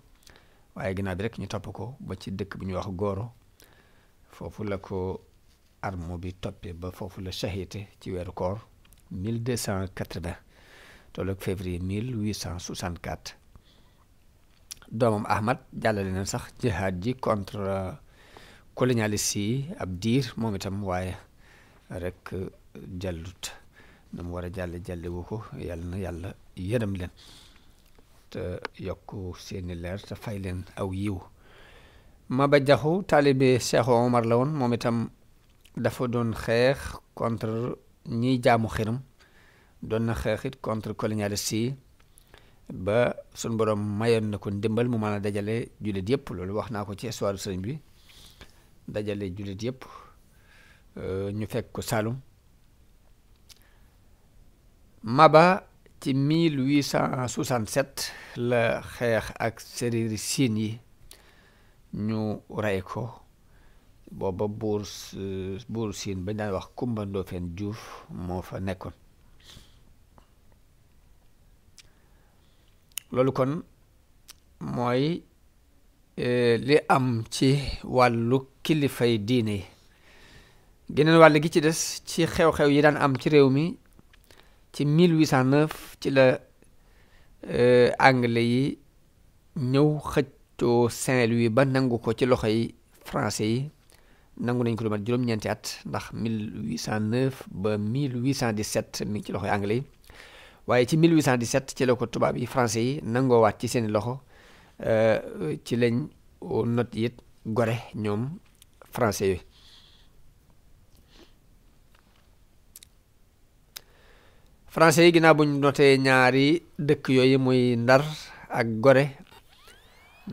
waaye ginnaaw bi rek ñu topp ko ba ci dëkk bi ñuy wax Goro foofu la ko armo bi toppee ba foofu la shahite ci weeru koor 1280 tolloog février 1864 doomam Ahmad jàllale na sax jihaad ji contre euh, colonialiste yi ab diir moom itam waaye rek euh, jàllut na mu war a jàll jàllewu ko yàlla na yàlla yërëm leen te yokk seeni leer te fay leen aw yiw Maba Jaxu taalibe Cheikh Omar la woon moom itam dafa doon xeex contre ñiy jaamu xiram doon na xeex contre colonialiste yi ba suñ borom mayoon na ko ndimbal mu mën a dajale jullit yëpp loolu wax naa ko ci histoire sëriñ bi dajale jullit yëpp euh, ñu fekk ko Saalum Maba ci 1867 la xeex ak séréeri siin yi ñu rey ko booba buur buur siin bañ daan wax Kumba Ndoofeen Juuf moo fa nekkoon loolu kon mooy eh, li am ci wàllu kilifay diine yi geneen wàll gi ci des ci xew-xew yi daan am ci réew mi ci 1809 ci la eh, anglais yi ñëw xëccoo Saint-Louis ba nangu ko ci loxo yi français yi nangu nañ ko lu mat juróom-ñeenti at ndax 1809 ba 1817 mi ngi ci loxoy anglais yi waaye ci 1817 ci la ko tubaab yi français yi nangoowaat ci seeni loxo euh, ci lañ not it gore ñoom français yooyu français yi ginnaaw buñ notee ñaari dëkk yooyu muy ndar ak gore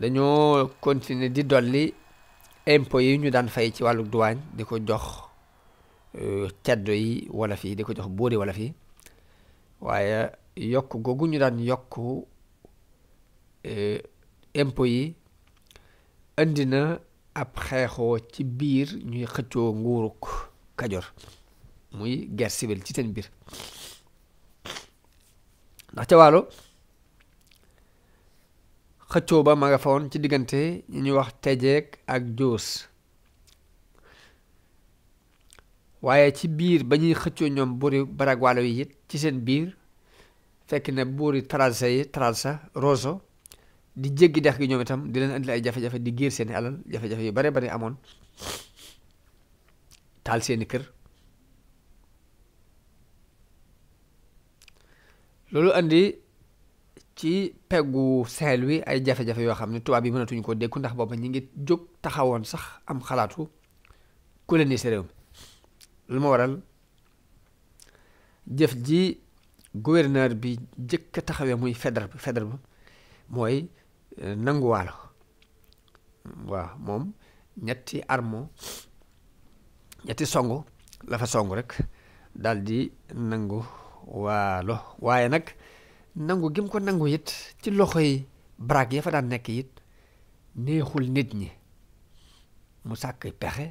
dañoo continuer di dolli impôt yi ñu daan fay ci wàllu duwaañ di ko jox euh, ceddo yi wala fii di ko jox buuri wala fii waaye yokk googu ñu daan yokk e, impôt yi indi na ab xeexoo ci biir ñuy xëccoo nguuruk Kajoor muy guerre ci seen biir ndax ca Waalo xëccoo ba ma nga ci diggante ñu ñuy wax tejeek ak joos waaye ci biir ba ñuy xëccoo ñoom buuri baragwaalo yi it ci seen biir fekk na buuri Tralsa yi sa Rosso di jéggi dex gi ñoom itam di leen andil ay di giir seeni alal jafe yu bare bari amoon taal seeni kër loolu andi ci peggu Saint-Louis ay jafe-jafe yoo xam ne tubaab yi mënatuñu ko dékku ndax booba ñi ngi jóg taxawoon sax am xalaatu coloniser réew mi lu ma waral jëf ji gouverneur bi jëkk a taxawee muy fedar bi fedar ba mooy euh, nanguwaalo waaw moom ñetti armo ñetti songu la fa songu rek daldi di nangu waalo waaye nag nangu gi mu ko nangu it ci loxoy baraag ya fa daan nekk it neexul nit ñi mu sàkk pexe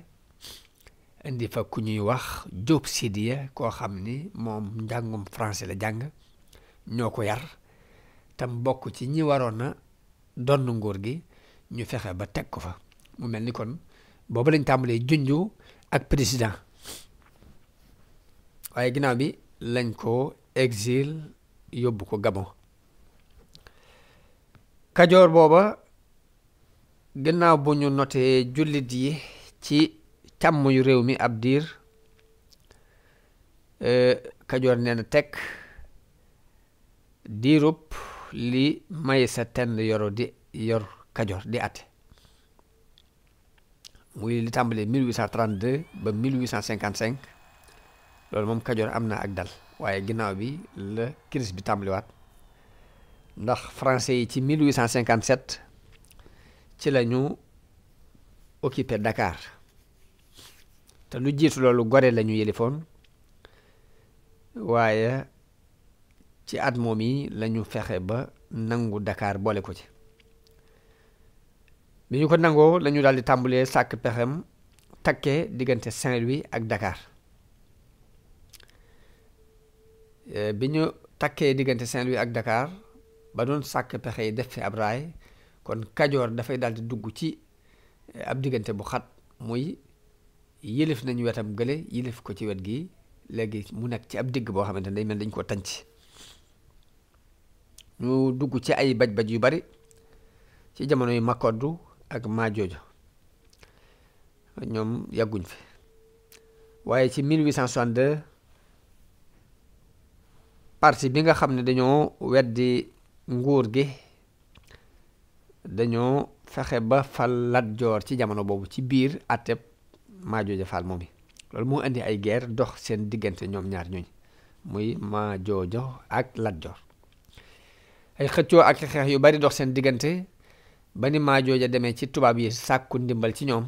indi fa ku ñuy wax Diop Sidiya koo xam ni moom njàngum français la jàng ñoo ko yar tam bokk ci ñi waroon na donn nguur gi ñu fexe ba teg ko fa mu mel ni kon boobu lañ tàmbalee junju ak président waaye ginnaaw bi lañ ko exil yóbbu ko Gabon kajoor booba ginnaaw bu ñu notee jullit yi ci càmmuñu réew mi ab diir euh, kajoor nee na teg diirub li may sa tenn yoro di yor kajoor di atte muy li tàmbalee 1832 ba loolu moom kajoor am na ak dal waaye ginnaaw bi la crise bi tàmbaliwaat ndax français yi ci ci la ñu occupé lu jiitu loolu gore lañu yëlifoon waaye ci at moom yi lañu fexe ba nangu dakaar boole ko ci bi ñu ko nangoo lañu daldi tàmbulee sàkk pexem takkee diggante saint wi ak Dakar e, bi ñu takkee diggante saint wi ak Dakar ba doon sàkk pexe yi def fi ab raay kon Kajoor dafay daldi dugg ci e, ab diggante bu xat muy yëlif nañ wetam gële yëlif ko ci wet gi léegi mu nekk ci ab digg boo xamante ne day dañ ko tànc ñu dugg ci ay baj-baj yu bari ci jamono yu makoddu ak maajoojo ñoom yàgguñ fi waaye ci 1862 parti bi nga xam ne dañoo weddi nguur gi dañoo fexe ba fal latjoor ci jamono boobu ci biir àtteb Maajooja Faal moom yi loolu moo indi ay guerre dox seen diggante ñoom ñaar ñooñ muy Maajooja ak Lat ay xëccoo ak xeex yu bari dox seen diggante ba ni Maajooja demee ci tubaab yi sàkku ndimbal ci ñoom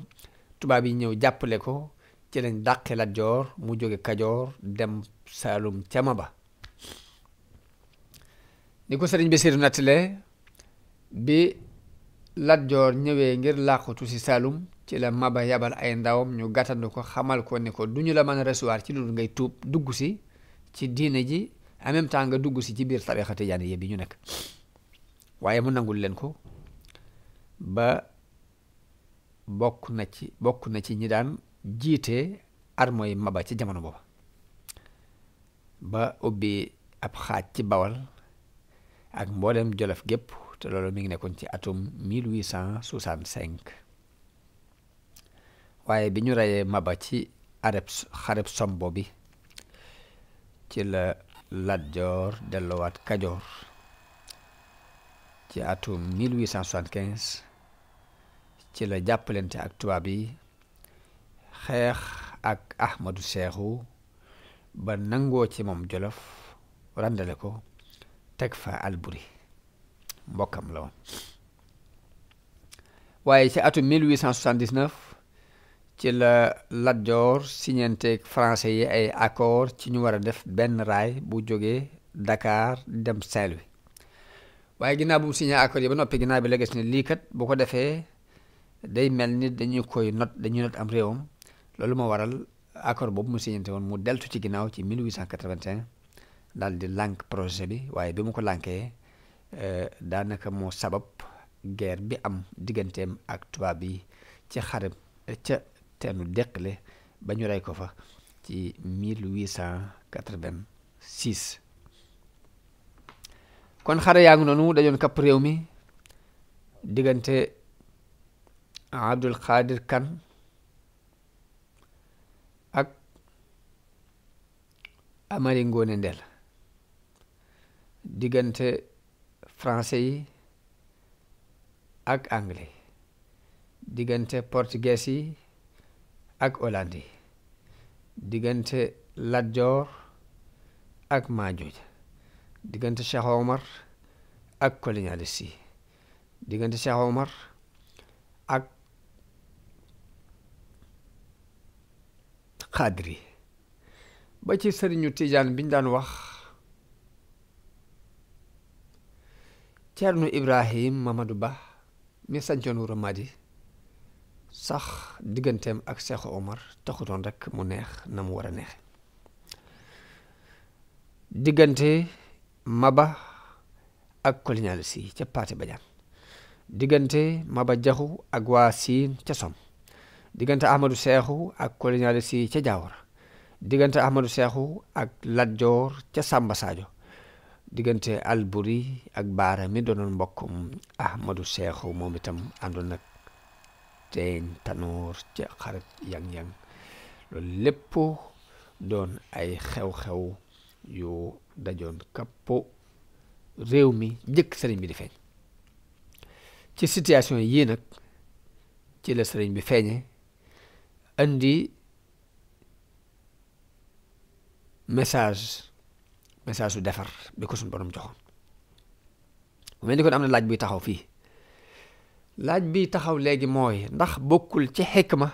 tubaab yi ñëw jàppale ko ci leen dàqe Lat mu jóge Kajoor dem Saalum ca ba ni ko sëriñ bi Siiru nattale bi Lat ñëwee ngir làqutu ci Saalum ci la maba yabal ay ndawam ñu gàttandu ko xamal ko ni ko du ñu la mën a recevoir ci loolu ngay tuub dugg si ci diine ji en même temps nga dugg si ci biir tarixa tijaani bi ñu nekk waaye mu nangul leen ko ba bokk na ci bokk na ci ñi daan jiite armoy maba ci jamono booba ba ubbi ab xaaj ci bawal ak mboolem jolof gépp te loolu mu ngi nekkoon ci atum 1865 waaye bi ñu reyee Maba ci areb xareb sombo bi ci la Lat Joor Kajoor ci atum 1875 ci la jàppalante ak tubaab yi xeex ak Ahmadu Seexu ba nangoo ci moom Jolof randale ko teg fa Alburi mbokkam la woon waaye ci atum ci la Lat Joor siñenteeg français yi ay accord ci ñu war a def benn raay bu jógee dakaar dem Saint-Louis waaye ginnaaw bu mu signé accord yi ba noppi ginnaaw bi la gis ne lii kat bu ko defee day mel nit dañuy koy not dañuy not am réewam loolu moo waral accord boobu mu signante woon mu deltu ci ginnaaw ci 1881 daal di lànk projet bi waaye bi mu ko lànkee euh, daanaka moo sabab guerre bi am digganteem ak tubaab yi ci xarib ca teenu deqale ba ñu rey ko fa ci 1886 kon xare yaa ngi noonu dajoon kapp réew mi diggante Abdul Qadir Kan ak Amari Ngoone Ndel diggante français yi ak anglais diggante portugais yi ak olaat diggante Lat ak Maajooj diggante Cheikh Omar ak colonialiste yi diggante Cheikh ak xaadri ba ci sëriñu Tijaan biñ daan wax Ceerno Ibrahim Mamadou Ba mi sancoon Wuro Madi sax digganteem ak Seexu Omar taxutoon rek mu neex na mu war a neexe diggante Maba ak colonialis ca Paate Badiane diggante Maba Jaxu ak waa Siin ca Som diggante Ahmadou Seexu ak colonialis yi ca Jaawara diggante Ahmadou Seexu ak lajjoor ca Sàmba Saajo diggante Alburi ak Baara mi doonoon mbokkum Ahmadou Seexu moom itam àndoon nag teen tanoor ci xarit yang-yang loolu lépp doon ay xew-xew yu dajoon kappo réew mi njëkk sëriñ bi di feeñ ci situation yii nag ci la sëriñ bi feeñe andi message message su defar bi ko suñ borom joxoon mel ni kon am na laaj buy taxaw fii laaj bi taxaw léegi mooy ndax bokkul ci ma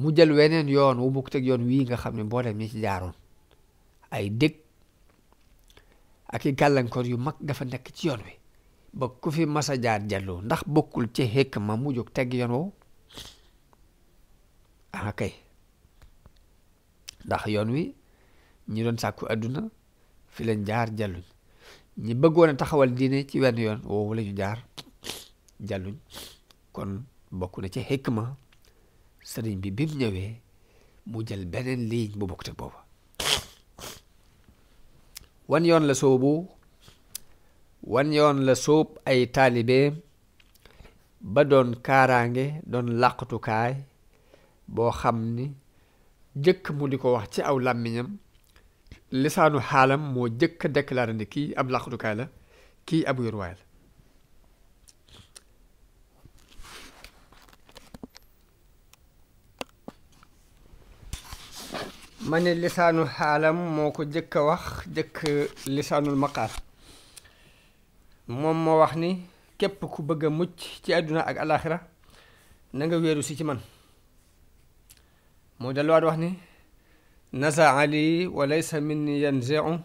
mu jël weneen yoon wu bokk teg yoon wii nga xam ne mboolem ñi ci jaaroon ay dëkk ak i gàllankoor yu mag dafa nekk ci yoon wi ba ku fi masa jaar jàllu ndax bokkul ci xikma mu jóg teg yoon woowu ah kay ndax yoon wi ñu doon sàkku àdduna fi leen jaar jàlluñ ñi bëggoon a taxawal diine ci wenn yoon woowu la jaar jalluñ kon bokk na ci xikma sëriñ bi bi ñëwee mu jël beneen ligne bu bokk te booba wan yoon la soobu wan yoon la soob ay taalibeem ba doon kaaraange doon làqatukaay boo xam ni jëkk mu di ko wax ci aw làmmiñam lisaanu xaalam moo jëkk a déclaré ne kii ab làqatukaay la kii ab yoruwaay la ma ne lisaanu xaalam moo ko jëkk a wax jëkk lisaanul maqaal moom moo wax ni képp ku bëgg a mucc ci àdduna ak alaxira na nga wéeru si ci man moo delluwaat wax ni nasaa li wa laysa minni yanziu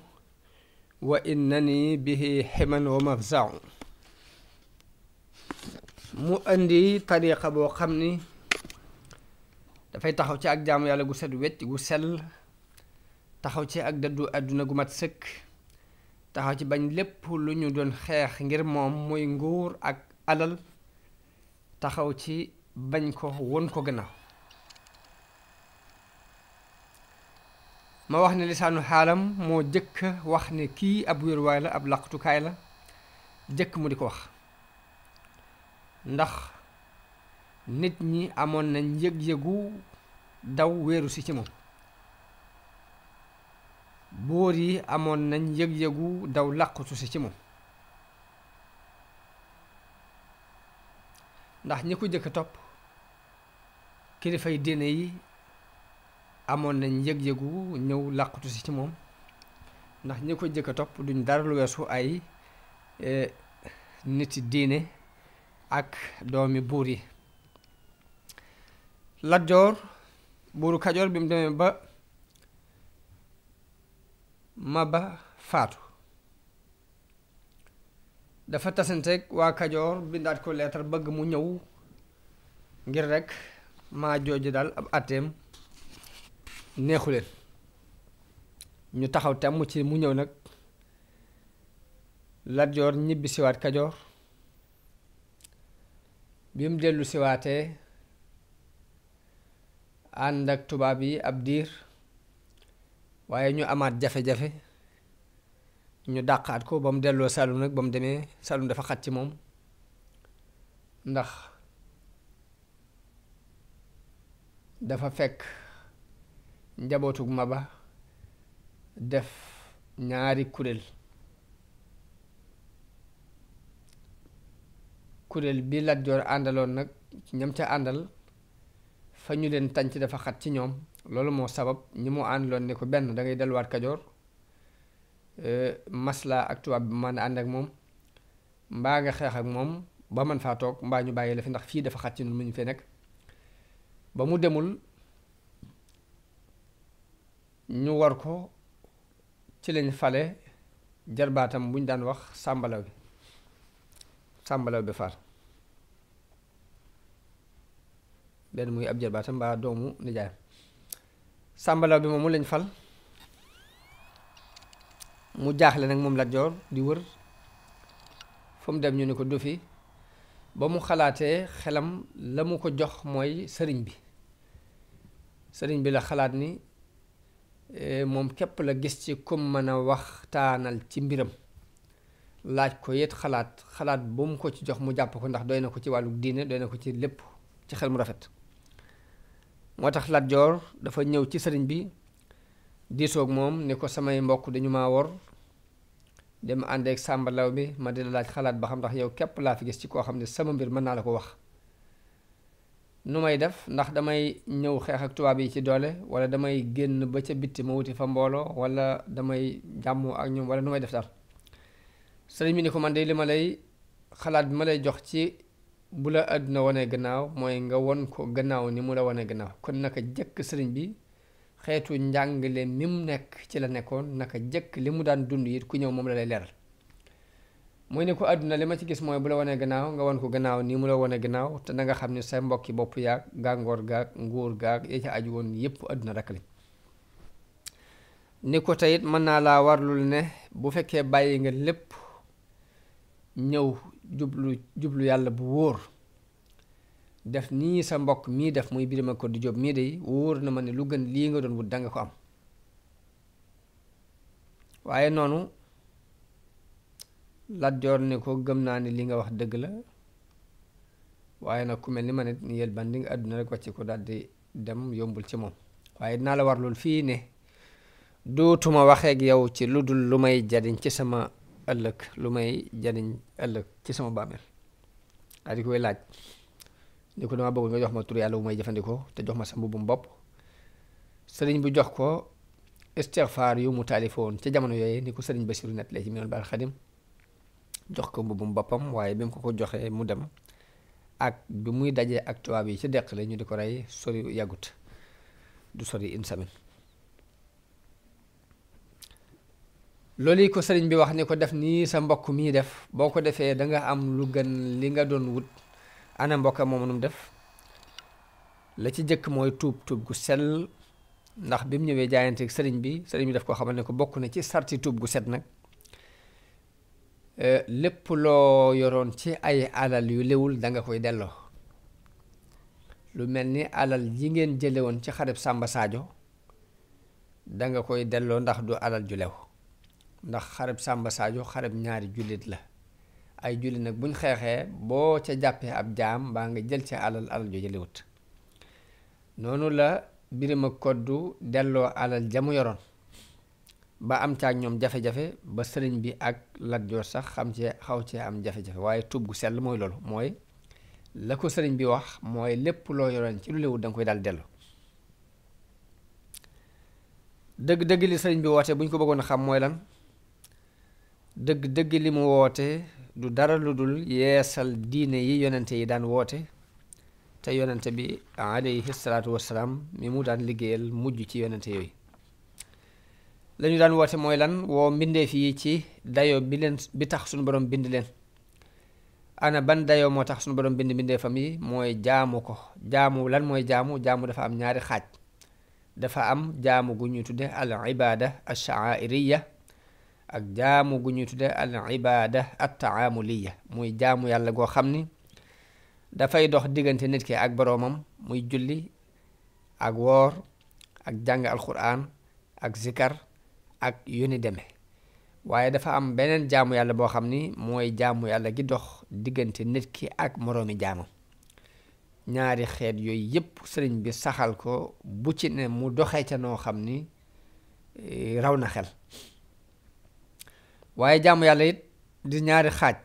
wa innani bihi ximan wa mafzau mu indi tariqa boo xam ni dafay taxaw ci ak jaamu yàlla gu set wecc gu sel taxaw ci ak dëddu àdduna gu mat sëkk taxaw ci bañ lépp lu ñu doon xeex ngir moom muy nguur ak alal taxaw ci bañ ko won ko gannaaw ma wax ne lisaanu xaalam moo jëkk wax ne kii ab wéeruwaay la ab laqtukaay la jëkk mu di ko wax ndax nit ñi amoon nañ yëg-yëgu daw wéeru ci moom bóor yi amoon nañ yëg-yëgu daw làqutu si ci moom ndax ñi ko jëkk topp kilifay diine yi amoon nañ yëg-yëgu ñëw làqatu si ci moom ndax ñu ko jëkk a topp duñu dara lu weesu ay e, nit diine ak doomi buur yi Lat Joor buuru Kajoor bi mu demee ba Maba faatu dafa tasanteeg waa Kajoor bindaat ko leetar bëgg mu ñëw ngir rekk maa jooju daal ab àtteem neexu ñu taxaw temm ci mu ñëw nag Lat Joor ñibbi siwaat Kajoor bi mu dellu siwaatee ànd ak tubaab yi ab diir waaye ñu amaat jafe-jafe ñu dàqaat ko ba mu delloo Saalum nag ba mu demee Saalum dafa xat ci moom ndax dafa fekk njabootug ba def ñaari kuréel kuréel bi Lat Joor àndaloon nag ñam ca àndal fa ñu leen ci dafa xat ci ñoom loolu moo sabab ñi mu àndaloon ne ko benn dangay delluwaat Kajoor masla ak tubaab bi man ànd ak moom mbaa nga xeex ak moom ba man faa toog mbaa ñu bàyyi la fi ndax fii dafa xat ci ñun mu ñu fee nekk ba mu demul ñu war ko ci lañ fale jarbaatam bu ñu daan wax sàmbalaw bi sàmbalaw bi faar benn muy ab jarbaatam mbaa doomu nijaayam sàmbalaw bi moom mu lañ fal mu jaaxle nag moom la Joor di wër fu mu dem ñu ni ko du fi ba mu xalaatee xelam la mu ko jox mooy sëriñ bi sëriñ bi la xalaat ni Eh, moom képp la gis ci kum mën a waxtaanal ci mbiram laaj ko yet xalaat xalaat bu mu ko ci jox mu jàpp ko ndax doy na ko ci wàllu diine doy na ko ci lépp ci xel mu rafet moo tax Lat Joor dafa ñëw ci sëriñ bi diisoog moom ni ko samay mbokk dañu ma wor dem àndeek sàmbalaw bi ma de la laaj xalaat ba xam ndax yow képp laa fi gis ci koo xam ne sama mbir mën naa la ko wax nu may def ndax damay ñëw xeex ak tubaab yi ci doole wala damay génn ba ca bitti ma wuti fa mbooloo wala damay jàmmoo ak ñoom wala nu may def daal sëriñ bi ni ko man de li ma lay xalaat bi ma lay jox ci bu la àdduna wane gannaaw mooy nga won ko gannaaw ni mu la wane gannaaw kon naka jëkk sëriñ bi xeetu njàng leen mi mu nekk ci la nekkoon naka jëkk li mu daan dund it ku ñëw moom la lay leeral muy ne ko àdduna li ma ci gis mooy bu la wonee gannaaw nga won ko gannaaw nii mu la wane gannaaw te na nga xam ne sa mbokki bopp yaag gàngoor gaag nguur gaag ya ca aju woon yépp àdduna rek lañ ni ko teyit mën naa laa warlul ne bu fekkee bàyyi nga lépp ñëw jublu jublu yàlla bu wóor def nii sa mbokk mii def muy Birima Koddi Jóob mii de wóor na ma ne lu gën lii nga doon wut danga ko am waaye noonu Lat Joor ne ko gëm naa ni li nga wax dëgg la waaye nag ku mel ni ma ne Niyel Banding àdduna rek wàcce ko daal di dem yombul ci moom waaye dinaa la war loolu fii ne dootuma waxeek yow ci lu dul lu may jariñ ci sama ëllëg lu may jariñ ëllëg ci sama bàmmeel daal di koy laaj ni ko dama bëgg nga jox ma tur yàlla bu may jëfandikoo te jox ma sa mbubbum bopp sëriñ bu jox ko istixfaar yu mu taalifoon ca jamono yooyu ni ko sëriñ ba nettalee ci Minanul Baaqil Xadiim jox ko mbubbum boppam waaye bi mu ko ko joxee mu dem ak bi muy dajee ak tubaab yi ci deq la ñu di ko rey sori yàggut du sori une semaine loolu yi ko sëriñ bi wax ni ko def nii sa mbokk mii def boo ko defee da nga am lu gën li nga doon wut ana mbokka moom nu def la ci jëkk mooy tuub tuub gu sel ndax bi mu ñëwee jaayanteeg sëriñ bi sëriñ bi def koo xamal ne ko bokk na ci sarti tuub gu set nag Eh, lépp loo yoroon ci ay alal yu lewul danga koy delloo lu mel ni alal ji ngeen jële woon ci xareb sàmba saajo danga koy delloo ndax du alal ju lew ndax xareb Samba Sadio xareb ñaari jullit la ay jullit nag buñ xeexee boo ca jàppee ab jaam baa nga jël ci alal alal ju jëlewut noonu la Birima Koddu delloo alal jamu yoroon ba am caag ñoom jafe-jafe ba sëriñ bi ak Lat sax xam cee xaw cee am jafe-jafe waaye tuub gu sell mooy loolu mooy la ko sëriñ bi wax mooy lépp loo yoroon ci lu léwu da koy daal dellu dëgg-dëgg li sëriñ bi woote bu ñu ko bëggoon a xam mooy lan dëgg-dëgg li mu woote du dara lu dul yeesal diine yi yonente yi daan woote te yonente bi alayhi salaatu wasalaam mi mu daan liggéeyal mujj ci yonente yooyu lañu daan woote mooy lan woo mbindeef yi ci dayo bi leen bi tax suñu boroom bind leen ana ban dayo moo tax suñu borom bind mbindeefam yi mooy jaamu ko jaamu lan mooy jaamu jaamu dafa am ñaari xaaj dafa am jaamu gu ñuy tudde al ibada ak jaamu gu ñuy tudde al ibada at taamuliya muy jaamu yàlla goo xam ni dafay dox diggante nit ki ak boroomam muy julli ak woor ak jàng alquran ak zikar ak yu ni demee waaye dafa am beneen jaamu yàlla boo xam ni mooy jaamu yàlla gi dox diggante nit ki ak moroomi jaamam ñaari xeet yooyu yépp sëriñ bi saxal ko bu ci ne mu doxee ca noo xam ni eh, raw na xel waaye jaamu yàlla yit di ñaari xaaj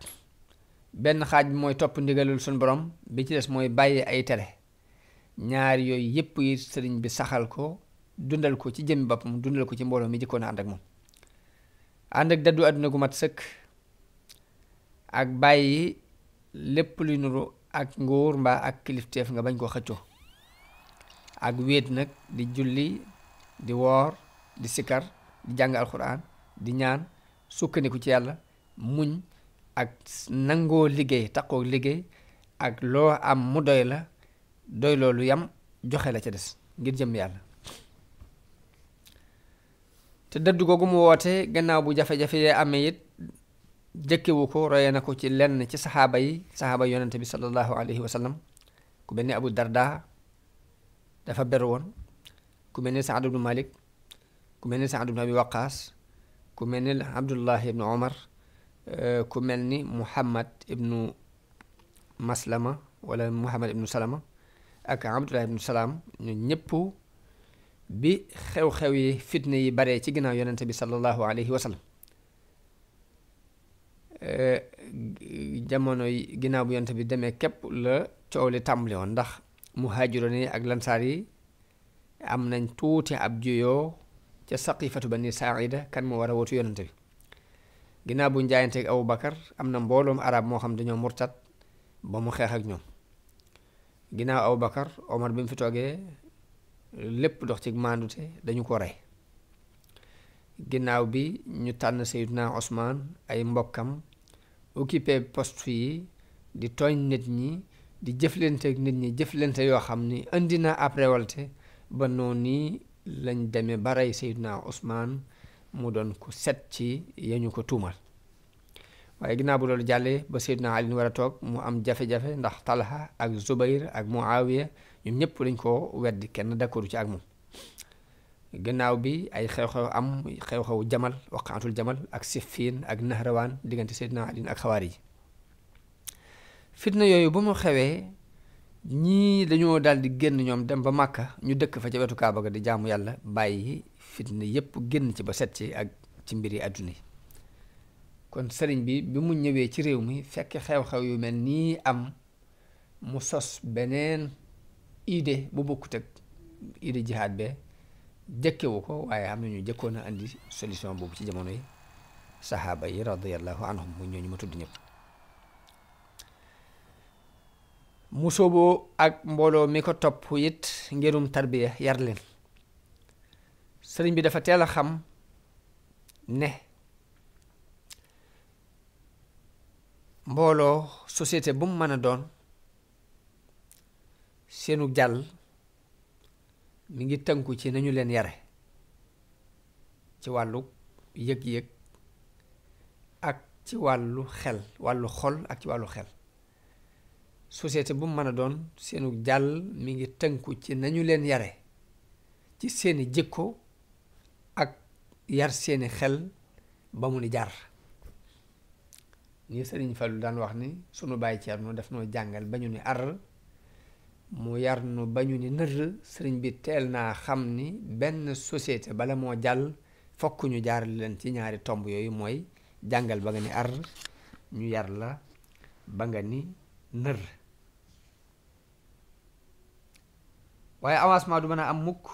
benn xaaj bi mooy topp ndigalul suñu borom bi ci des mooy bàyyi ay tere ñaari yooyu yépp yi sëriñ bi saxal ko dundal ko ci jëmmi boppam dundal ko ci mbooloo mi jëkkoon a ànd ak moom ànd ak daddu àdduna gu mat sëkk ak bàyyi lépp luy nuru ak nguur mbaa ak kilifteef nga bañ koo xëccoo ak wéet nag di julli di woor di sikar di jàng alxuraan di ñaan sukkandiku ci yàlla muñ ak nangoo liggéey taqoo liggéey ak loo am mu doy la doy loolu yam joxe la ca des ngir jëmm yàlla te dëddu googu mu woote gannaaw bu jafe-jafe yee amee it jëkkewu ko roye na ko ci lenn ci saxaaba yi saxaaba yonente bi sallallahu alayhi wa sallam ku mel ni abu darda dafa beru woon ku mel ni saad ibnu malik ku mel ni saad ibnu abi waqaas ku mel ni abdullahi ibnu omar eh, ku mel ni muhammad ibnu maslama wala muhammad ibnu salama ak abdullahi ibnu salaam ñu ñëpp bi xew-xew yi fitna yi baree ci ginnaaw yonente bi sallallahu alayhi wa sallam eh, jamono yi ginnaaw bu yonente bi demee képp la coow li tàmbali woon ndax muhaajiroon yi ak lansaar yi am nañ tuuti ab juyoo ca saqifatu bani saaida kan mu war a wotu yonente bi ginnaaw bu njaayanteeg Abu Bakar am na mbooloom arab moo xam dañoo murtat ba mu xeex ak ñoom ginnaaw Abu Bakar Omar bi mu fi toogee lépp dox ci maandute dañu ko rey ginnaaw bi ñu tànn Seydina Ousmane ay mbokkam occupé poste yi di tooñ nit ñi di jëflante ak nit ñi jëflante yoo xam ni indi na ab révolte ba noonu nii lañ deme ba rey Seydina Ousmane mu doon ko set ci ya ko tuumal waaye ginnaaw bu loolu jàllee ba Seydina Ali war a toog mu am jafe-jafe ndax Talha ak Zubair ak Muawiya ñoom ñëpp dañ koo weddi kenn d'accordu ci ak moom gannaaw bi ay xew-xew am xew-xew jamal waqaatul jamal ak siffin ak nahrawaan diggante seydina alin ak xawaar yi fitna yooyu bu mu xewee ñii dañoo daldi génn ñoom dem ba màkka ñu dëkk fa ca wetu kaaba ga di jaamu yàlla bàyyi fitna yépp génn ci ba set ci ak ci mbiri àdduna yi kon sëriñ bi bi mu ñëwee ci réew mi fekk xew-xew yu mel nii am mu sos beneen idée bu bokkut ak idée jihaad be jëkkewu ko waaye xam ne ñu jëkkoon a andi solution boobu ci jamono yi saxaaba yi radiallahu anhum mu ñooñu ma tudd ñëpp mu sooboo ak mbooloo mi ko topp it ngirum tarbiya yar leen sëriñ bi dafa teel a xam ne mbooloo société bu mu mën a doon seenu jàll mi ngi tënku ci nañu leen yare ci wàllu yëg-yëg ak ci wàllu xel wàllu xol ak ci wàllu xel société bu mu mën a doon seenu jàll mi ngi tënku ci nañu leen yare ci seeni jikko ak yar seeni xel ba mu ni jar ni sëriñ Fallu daan wax ni sunu bàyyi ceerno daf noo jàngal ba ñu ni ar mu yar nu ba ñu ni nër sëriñ bi teel naa xam ni benn société bala moo jàll fokk ñu jaar leen ci ñaari tomb yooyu mooy jàngal ba nga ni ar ñu yar la ba nga ni nër waaye avancement du mën a am mukk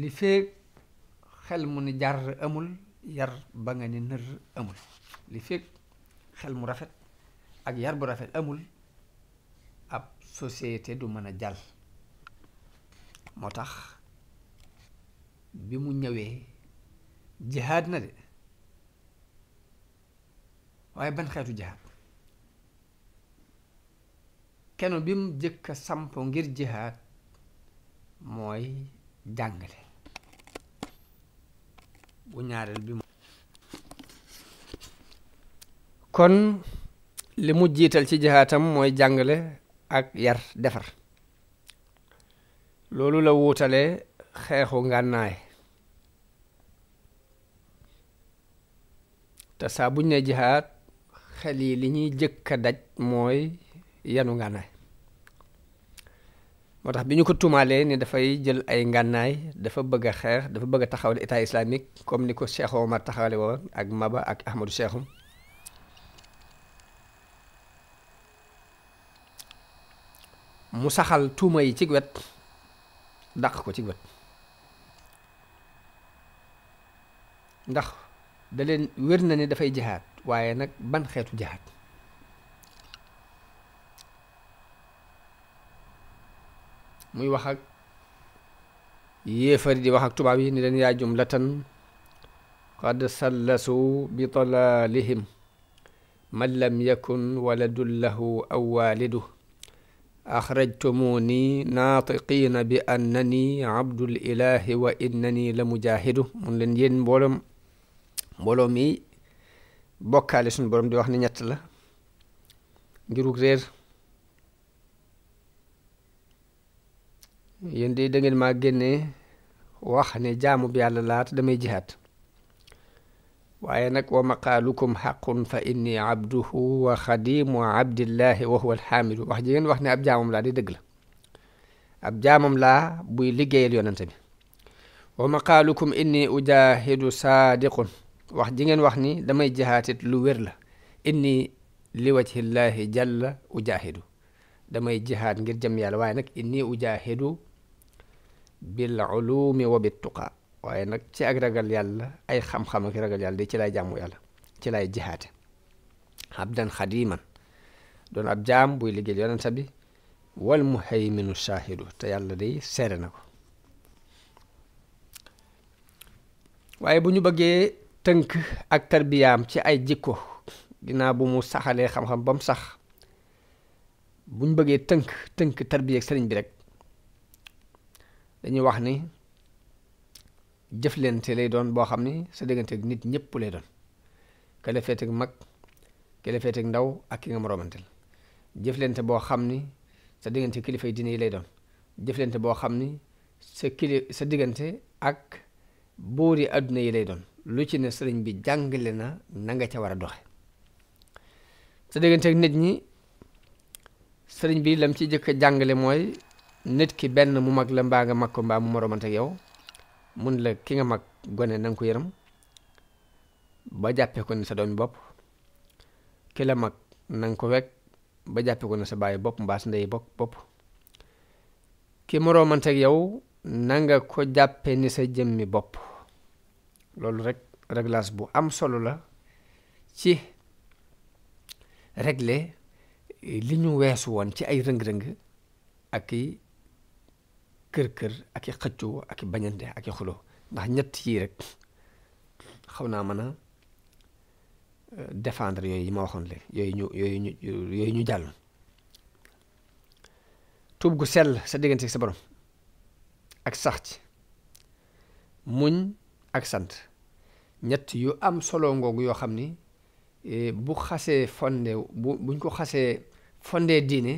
li feeg xel mu ni jar amul yar ba nga ni nër amul li feeg xel mu rafet ak yar bu rafet amul société du mën a jàll moo tax bi mu ñëwee jihaad na de waaye ban xeetu jihaad keno bi mu jëkk a sampo ngir jihaad mooy jàngale bu ñaareel bi kon li mu jiital ci jihaatam mooy jàngale ak yar defar loolu la wuutalee xeexu ngànnaay te saa buñ ne jihaad xel yi li ñuy jëkk a daj mooy yenu ngànnaay moo tax bi ñu ko tuumaalee ni dafay jël ay ngànnaay dafa bëgg xeex dafa bëgg a taxawal état islamique comme ni ko Cheikh Omar taxawale ak Maba ak Ahmadou Cheikhum mu saxal tuuma yi ci wet daq ko ci wet ndax da wér na ni dafay jihaad waaye nag ban xeetu jihaad muy waxak ak yéefari di wax tubaab yi ni leen yaa jumlatan qad sallasu bi dalalihim man lam yakun waladun lahu aw waalidu axrajtumuni naatiqiina bi annani abdul ilahi wa innani la mujaahidu mun leen yéen mbooloom mbooloo mi bokkaale suñu borom di wax ni ñett la ngirug réer yéen de da ngeen maa génnee wax ne jaamu bi yàlla laata damay jihaat waaye nag wa maqaalukum xaqun fa inni abduhu wa xadimu abdillahi wa huwa alxaamidu wax ji ngeen wax ne ab jaamam laa di dëgg la ab jaamam laa buy liggéeyal yonente bi wa maqaalukum inni ujahidu saadiqun wax ji ngeen wax ni damay jihaatit lu wér la inni li wajhillahi jalla ujahidu damay jihaad ngir jëm yàlla waaye nag inni ujahidu bil ulumi wa bit tuqaa waaye nag ci ak ragal yàlla ay xam-xam ak ragal yàlla de ci lay jàmmu yàlla ci lay jihaate abdan xadiman doon ab jaam buy liggéey yonent bi wal muhayminu shaahidu te yàlla de seere na ko waaye bu ñu bëggee tënk ak tarbiyaam ci ay jikko ginnaaw bu mu saxalee xam-xam ba sax bu ñu bëggee tënk tënk tarbiya ak sëriñ bi rek dañuy wax ni jëflante lay doon boo xam ni sa digganteeg nit ñëpp lay doon kele mag kele ndaw ak ki nga moroomanteel jëflante boo xam ni sa diggante kilifa yi diine yi lay doon jëflante boo xam ni sa kili sa diggante ak buuri àdduna yi lay doon lu ci ne sëriñ bi jàngale na na nga ca war a doxe sa diggante ak nit ñi sëriñ bi lam ci jëkk jàngale mooy nit ki benn mu mag la mbaa nga mag ko mbaa mu moroomante ak yow mun la ki nga mag gone na nga ko yërëm ba jàppee ko ne sa doomi bopp ki la mag na ko wekk ba jàppee ko ne sa bàyyi bopp mbaas sa ndey bopp bopp ki moroomante ak yow na ko jàppee ni sa jëmmi bopp loolu rek réglage bu am solo la ci regle li ñu weesu woon ci ay rëng-rëng ak i kër-kër ak i xëccoo ak i bañante ak i xuloo ndax ñett yii rek xaw naa man a euh, défendre yooyu yi ma waxoon leen yooyu ñu yooyu ñu ñu jàll tuub gu sell sa diggante sa borom ak sax ci muñ ak sant ñett yu am solo ngoogu yoo xam ni eh, bu xasee fonde bu buñ ko xasee fondee diine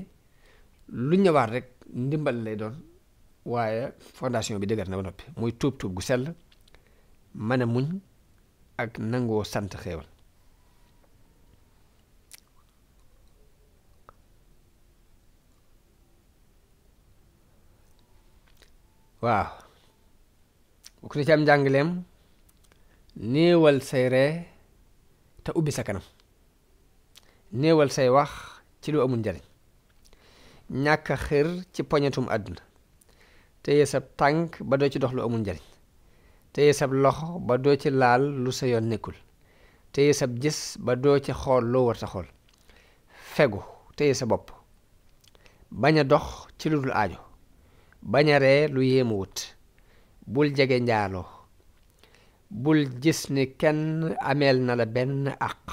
lu ñëwaat rek ndimbal lay doon waaye fondation bi dëgër na ba noppi muy tuub tuub gu sell mën muñ ak nangoo sant xéewal waaw bokk na ci am njàngaleem néewal say ree te ubbi sa kanam néewal say wax ci lu amul njariñ ñàkk a xër ci poñetum àdduna téye sab tànk ba doo ci dox lu amul njariñ téye sab loxo ba doo ci laal lu sa yoon nekkul téye sab gis ba doo ci xool loo war sa xool fegu téye sa bopp bañ a dox ci lu dul aajo bañ a ree lu yéemu wut bul jege njaaloo bul gis ni kenn ameel na la benn àq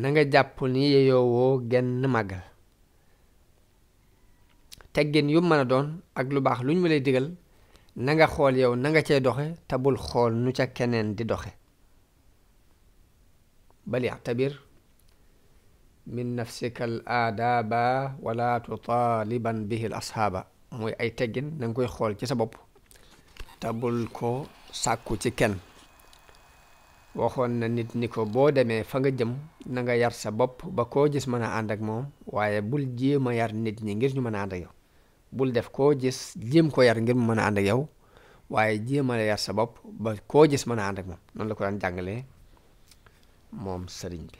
na nga jàpp ni yeyoowoo genn màggal teggin yu mën a doon ak lu baax lu ñu ma lay digal na xool yow na nga cay doxe tabul xool nu ca keneen di doxe bal ictabir min nafsika al aadaaba wala tutaaliban bihi l asxaaba ay teggin na koy xool ci sa bopp tabul ko sàkku ci kenn waxoon na nit ni ko boo demee fa nga jëm na nga yar sa bopp ba koo gis mën a ànd ak moom waaye bul jéem a yar nit ñi ngir ñu mën a ànd ak yow bul def koo gis jéem ko yar ngir mu mën a ànd ak yow waaye jéem a yar sa bopp ba koo gis mën a ànd ak moom noonu la ko daan jàngale moom sëriñ bi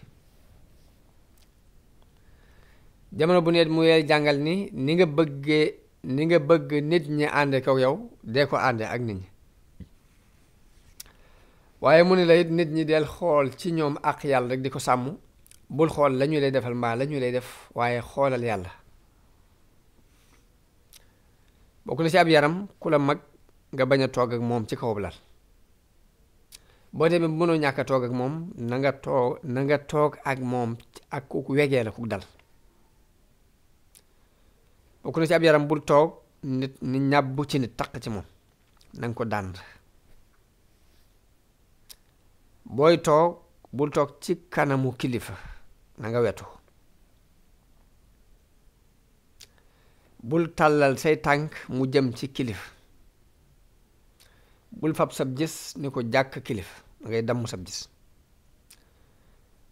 jamono bu ne mu yee jàngal ni ni nga bëggee ni nga bëgg nit ñi ànd kaw yow dee ko àndee ak nit ñi waaye mu ne la it nit ñi del xool ci ñoom ak yàlla rek di ko sàmm bul xool la ñu lay defal mbaa lañu ñu lay def waaye xoolal yàlla bokk na ci ab yaram ku la mag nga bañ a toog ak moom ci kaw lal boo demee bu mënoo ñàkk toog ak moom na toog na toog ak moom ak ku wegee la ku dal bokk na ci ab yaram bul toog nit ni ñàbb ci nit taq ci moom na ko dànd booy toog bul toog ci kanamu kilifa na nga wetu bul tàllal say tànk mu jëm ci kilif bul fab sab gis ni ko jàkk kilif dangay damm sab gis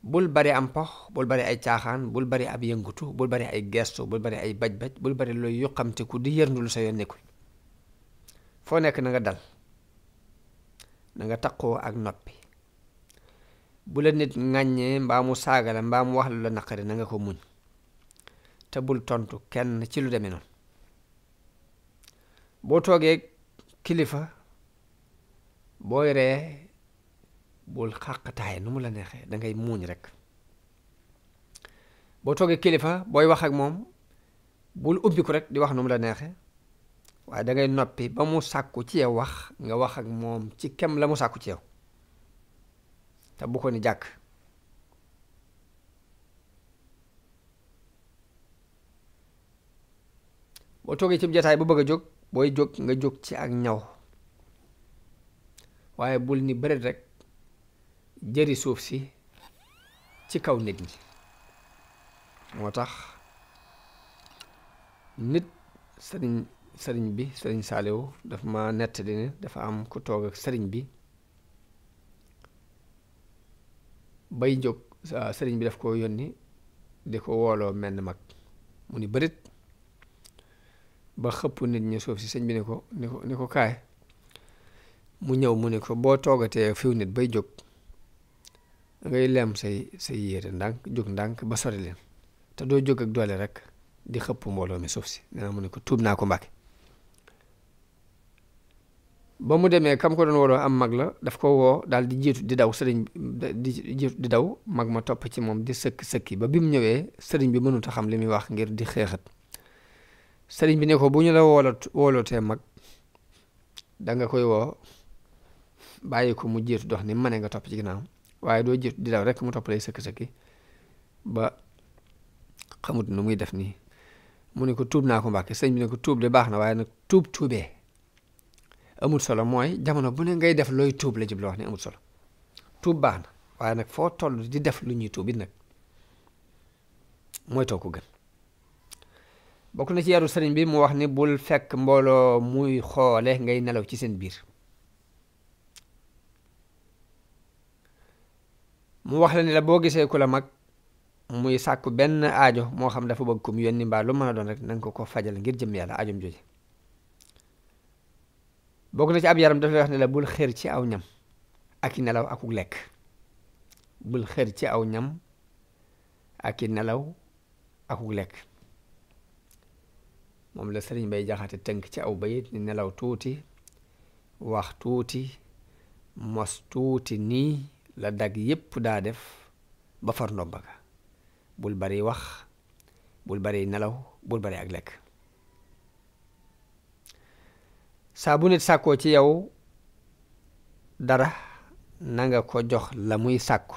bul bari am pox bul bari ay caaxaan bul bari ab yëngutu bul bari ay gestu bul bari ay baj-baj bul bari looy yuqamteku di yërndu lu sa yoon nekkul foo nekk na nga dal na nga taqoo ak noppi bu la nit ŋàññee mbaa mu saaga la mbaa mu wax lu la naqari na nga ko muñ te bul tontu kenn ci lu deme noonu boo toogee kilifa booy ree bul xàqtaay nu mu la neexee da muuñ rek boo toogee kilifa booy wax ak moom bul ubbi rek di wax nu mu la neexe waaye dangay ngay noppi ba mu sàkku ci yow wax nga wax ak moom ci kem la mu sàkku ci yow te bu ko ni jàkk boo toogee ci jataay bu bëgg a jóg booy jóg nga jóg ci ak ñaw waaye bul ni bëreet rek jëri suuf si ci kaw nit ñi moo tax nit sëriñ sëriñ bi sëriñ saalewu dafa ma nettali ne dafa am ku toog ak sëriñ bi bay jóg sëriñ bi daf ko yónni di ko wooloo menn mag mu ni bërit ba xëpp nit ñi suuf si señ bi ne ko ne ko ne kaay mu ñëw mu ne ko boo toogatee fiw nit bay jóg ngay lem say say yére ndànk jóg ndànk ba sori leen te doo jóg ak doole rek di xëpp mbooloo mi suuf si nee na mu ne ko tuub naa ko mbàkke ba mu demee kam ko doon waroo am mag la daf ko woo daal di jiitu di daw sëriñ di jiitu di daw mag ma topp ci moom di sëkk sëkki ba bi mu ñëwee sëriñ bi mënuta xam li muy wax ngir di xeexat sëriñ bi ne ko bu ñu la woola woolotee mag da nga koy woo bàyyi ko mu jiitu dox ni mane nga topp ci ginnaaw waaye doo jiitu di daw rek mu topp lay sëkk-sëkki ba xamut nu muy def nii mu ne ko tuub naa ko mbàkke sëriñ bi ne ko tuub de baax na waaye nag tuub tuubee amul solo mooy jamono bu ne ngay def looy tuub la jub la wax ne amul solo tuub baax waaye nag foo toll di def lu ñuy tuub it nag mooy too ko gën bokk na ci yaru sëriñ bi mu wax ni bul fekk mbooloo muy xoole ngay nelaw ci seen biir mu wax la ni la boo gisee ku la mag muy sàkk benn aajo moo xam dafa bëgg ko mu yónni mbaa lu mën a doon rek nanga ko ko fajal ngir jëm yàlla aajom jooje bokk na ci ab yaram dafay wax ni la bul xër ci aw ñam ak i nelaw akuk lekk bul xër ci aw ñam ak i nelaw akuk lekk moom la sëriñ bay jaxate tënk ci aw bayit ni nelaw tuuti wax tuuti mos tuuti nii la dagg yépp daa def ba far ndomba ga bul bari wax bul bari nelaw bul bari ak lekk saa bu nit sàkkoo ci yow dara nanga ko jox la muy sàkku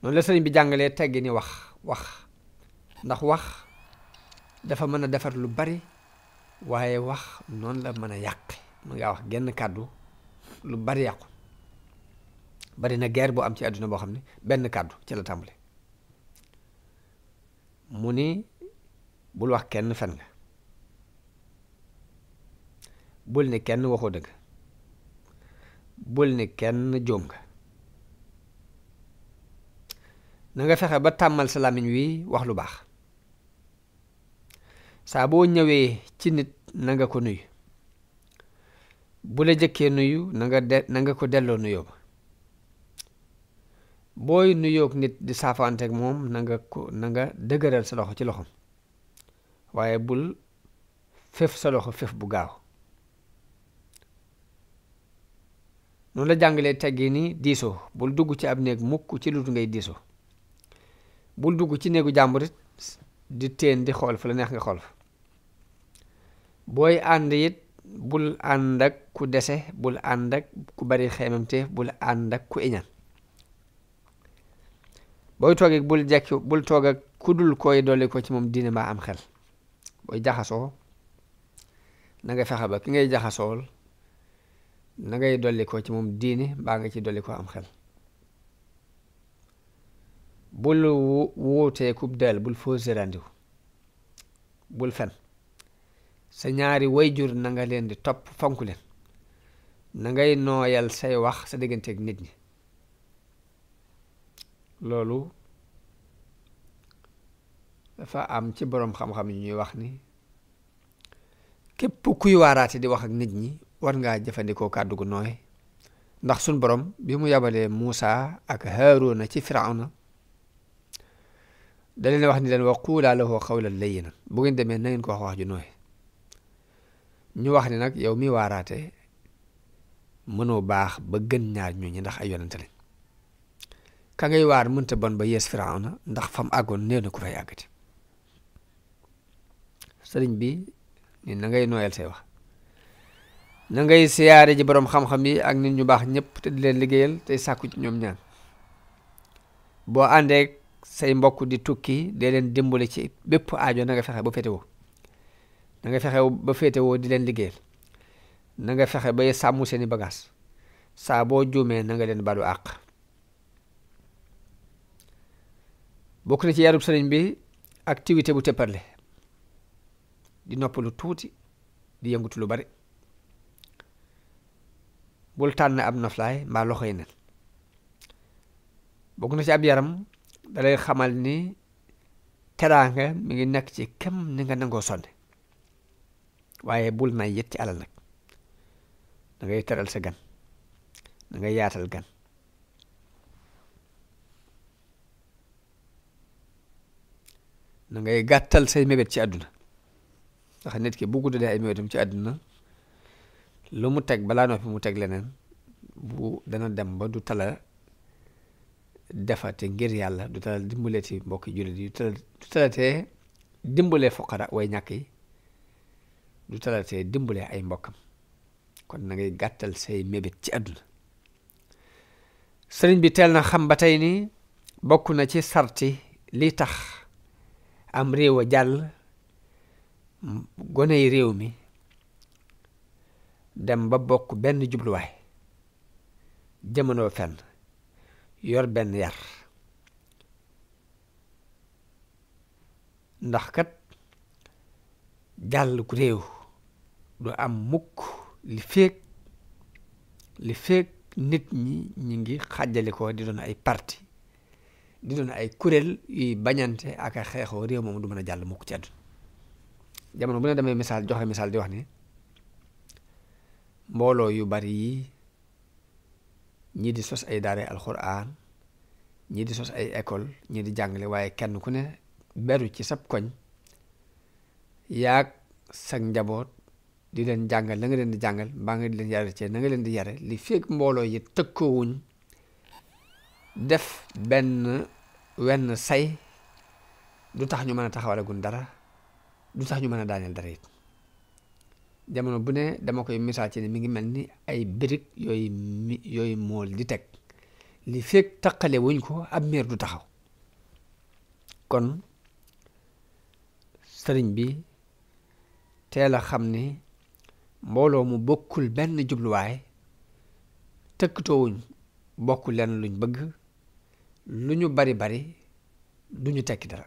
noonu la sëriñ bi jàngalee tegg ni wax wax ndax wax dafa mën a defar lu bari waaye wax noonu la mën a yàq mën ngaa wax genn kàddu lu bari yàqu bari na guerre boo am ci àdduna boo xam ne benn kàddu ci la tàmbale mu ni bul wax kenn fen nga bul ne kenn waxoo dëgg bul ne kenn jóom nga na nga fexe ba tàmmal sa làmmiñ wi wax lu baax saa boo ñëwee ci nit na nga ko nuyu bu la jëkkee nuyu na de na ko delloo nuyoo ba booy nuyoog nit di saafaanteek moom na ko na dëgëral sa loxo ci loxo waaye bul fef sa loxo fef bu gaaw noonu la jàngalee teggi ni diisoo bul dugg ci ab néeg mukk ci lutu ngay diisoo bul dugg ci néegu jàmburit di teen di xool fa la neex nga xool fa booy ànd it bul ànd ak ku dese bul ànd ak ku bari xeemamteef bul ànd ak ku iñaan booy toog it bul jekki bul toog ak ku dul koy dolli ko ci moom diine mbaa am xel booy jaxasoo na nga fexe ba ki ngay jaxasool na ngay dolli ci moom diine mbaa nga ci dolli ko am xel bul wuutee kub del bul fausse randiw bul fen sa ñaari wayjur na nga leen di topp fonk leen na ngay nooyal say wax sa digganteeg nit ñi loolu dafa am ci boroom xam-xam yi ñuy wax ni képp kuy waaraate di wax ak nit ñi war ngaa jëfandikoo kàddu gu nooy ndax suñ borom bi mu yabalee Muusa ak na ci na da leen wax ni leen wa xawlal lahu qawlan layyinan bu ngeen demee na ngeen ko wax wax ju nooy ñu wax ni nag yow mi waaraate mënoo baax ba gën ñaar ñu ñooñu ndax ay yonante lañ ka ngay waar mënta bon ba yees Firawna ndax fam àggoon nee na ku fay àggati sëriñ bi ni na ngay nooyal say wax na ngay siyaare ji boroom xam-xam yi ak nit ñu baax ñëpp te di leen liggéeyal tey sàkku ci ñoom ñaan boo àndee say mbokk di tukki dee leen dimbali ci bépp aajo na fexe ba fete woo nanga fexe ba féetewoo di leen liggéeyal nanga fexe ba sàmm seeni bagaas saa boo juumee na nga leen balu àq bokk na ci yarub sëriñ bi activité bu tëpparle di noppalu tuuti di yëngutu lu bari bul tànn ab noflaay mbaa loxo yi nen bokk na ci ab yaram dalay xamal ni teraanga mu ngi nekk ci kem ni nga nangoo sonn waaye bu nay yit ci alal nag da ngay teral sa gan da ngay yaatal gan da ngay gàttal say mébét ci àdduna ndax nit ki bu guddalee ay mébétam ci àdduna lu mu teg balaa noppi mu teg leneen bu dana dem ba du tala defate ngir yàlla du tala dimbalee ci mbokki jullit yi du tala du talatee dimbalee foqara way ñàkk yi du talal say dimbale ay mbokkam kon na ngay gàttal say mébét ci àdduna sëriñ bi teel na xam ba tey ni bokk na ci sarti li tax am réew jàll goney réew mi dem ba bokk benn jubluwaay jamono fenn yor benn yar ndax kat jàll réew du am mukk li feeg li feeg nit ñi ñu ngi xàjjale ko di doon ay parti di doon ay kuréel yuy bañante ak a xeexoo réew moom du mën a jàll mukk ci àdduna jamono bu ne demee misaal joxe misaal di wax ni mbooloo yu bari yi ñii di sos ay daare alxuraan ñii di sos ay école ñii di jàngale waaye kenn ku ne beru ci sab koñ yaag sag njaboot di leen jàngal la nga leen di jàngal mbaa nga di leen yare ci na leen di yare li fekk mbooloo yi tëkkoowuñ def benn wenn say du tax ñu mën a taxawalagun dara du tax ñu mën a daaneel dara it jamono bu ne dama koy misaal ci ne mi ngi mel ni ay birig yooyu mi yooyu mool di teg li fekk taqale wuñ ko am miir du taxaw kon sëriñ bi teel a xam ni mbooloo mu bokkul benn jubluwaay tëkkatoowuñ bokk lenn luñ bëgg lu ñu bari bari du ñu tekki dara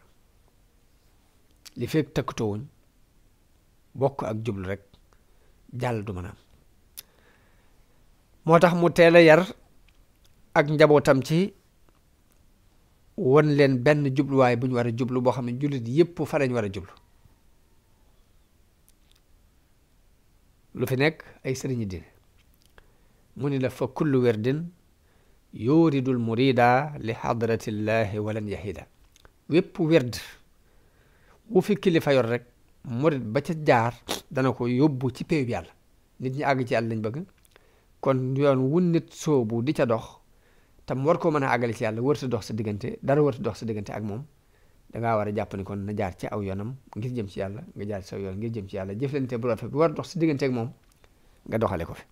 li fekk tëkkatoowuñ bokk ak jublu rek jàll du mën moo tax mu teel a yar ak njabootam ci won leen benn jubluwaay bu ñu war a jublu boo xam ne jullit yépp fa lañ war a jublu lu fi nekk ay sëriñi diine mu ni la fa kullu werdin yuridul murida li hadratillahi walan yahida wépp werd wu fi kilifa yor rek murid ba ca jaar dana ko yóbbu ci péew yàlla nit ñi àgg ci yàlla lañ bëgg kon yoon wu nit soobu di ca dox tam war koo mën a àggale ci yàlla wërta dox sa diggante dara wërta dox sa diggante ak moom dangaa war a jàpp ne na jaar ci aw yoonam ngir jëm ci yàlla nga jaar ci aw yoon ngir jëm ci yàlla jëflante bu rafet bi war moom nga doxale ko fi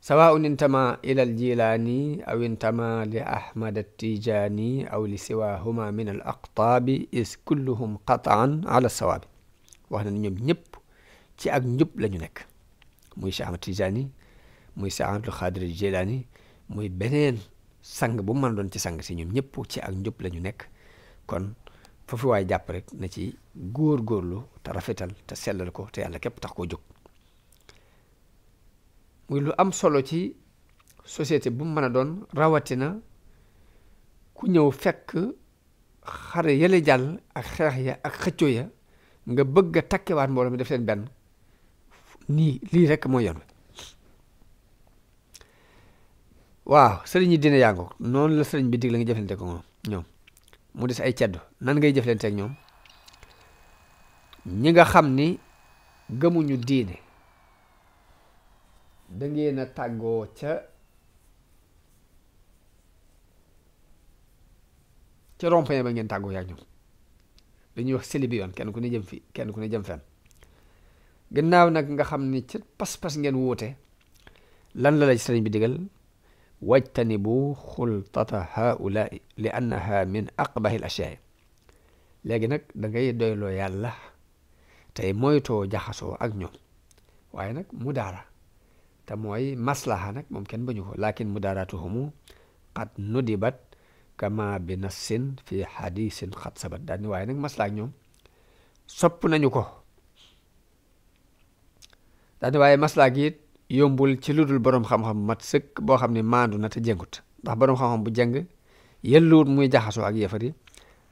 sawaun intama ila al jilaani aw intama li ahmad attijaani aw li siwahuma min al aqtaabi is kulluhum qataan ala sawaabi wax na ñoom ñëpp ci ak njub la ñu nekk muy Cheikh Ahmad Tijaani muy Cheikh Abdul Xaadir Jilaani muy beneen sang bu mën doon ci sang si ñoom ñëpp ci ak njub la ñu nekk kon foofu waay jàpp rek na ci góor-góorlu te rafetal te sellal ko te yàlla képp tax koo jóg muy lu am solo ci société bu mu mën a doon rawatina ku ñëw fekk xare yële jàll ak xeex ya ak xëcco ya nga bëgg a takkewaat mbooloo mi def seen benn nii lii rekk mooy yoon waaw sëriñ yi dina yàngu noonu la sëriñ bi dig la nga jëfante ko moom ñoom mu des ay ceddu nan ngay jëflante ak ñoom ñi nga xam ni gëmuñu diine da ngeen a tàggoo ca ca rompañ ba ngeen tàggoo yaa ñoom dañuy wax seli bi yoon kenn ku ne jëm fi kenn ku ne jëm fen gannaaw nag nga xam ni ca pas-pas ngeen wóote lan la la sëriñ bi digal wajtanibu xultata haulai li annaha min aqbahi l ashyaai léegi nag dangay ngay doyloo yàlla tey moytoo jaxasoo ak ñoom waaye nag mudaara te mooy maslaha nag moom kenn ñu ko lakin mudaaratuhumu qad nudibat kama bi nassin fi hadisin qad sabat daal ni waaye nag maslaha ak ñoom sopp nañu ko daal waaye maslaha gi yombul ci lu dul boroom xam-xam mat sëkk boo xam ne maandu na te jëngut ndax boroom xam-xam bu jëng yelluwut muy jaxasoo ak yëfar yi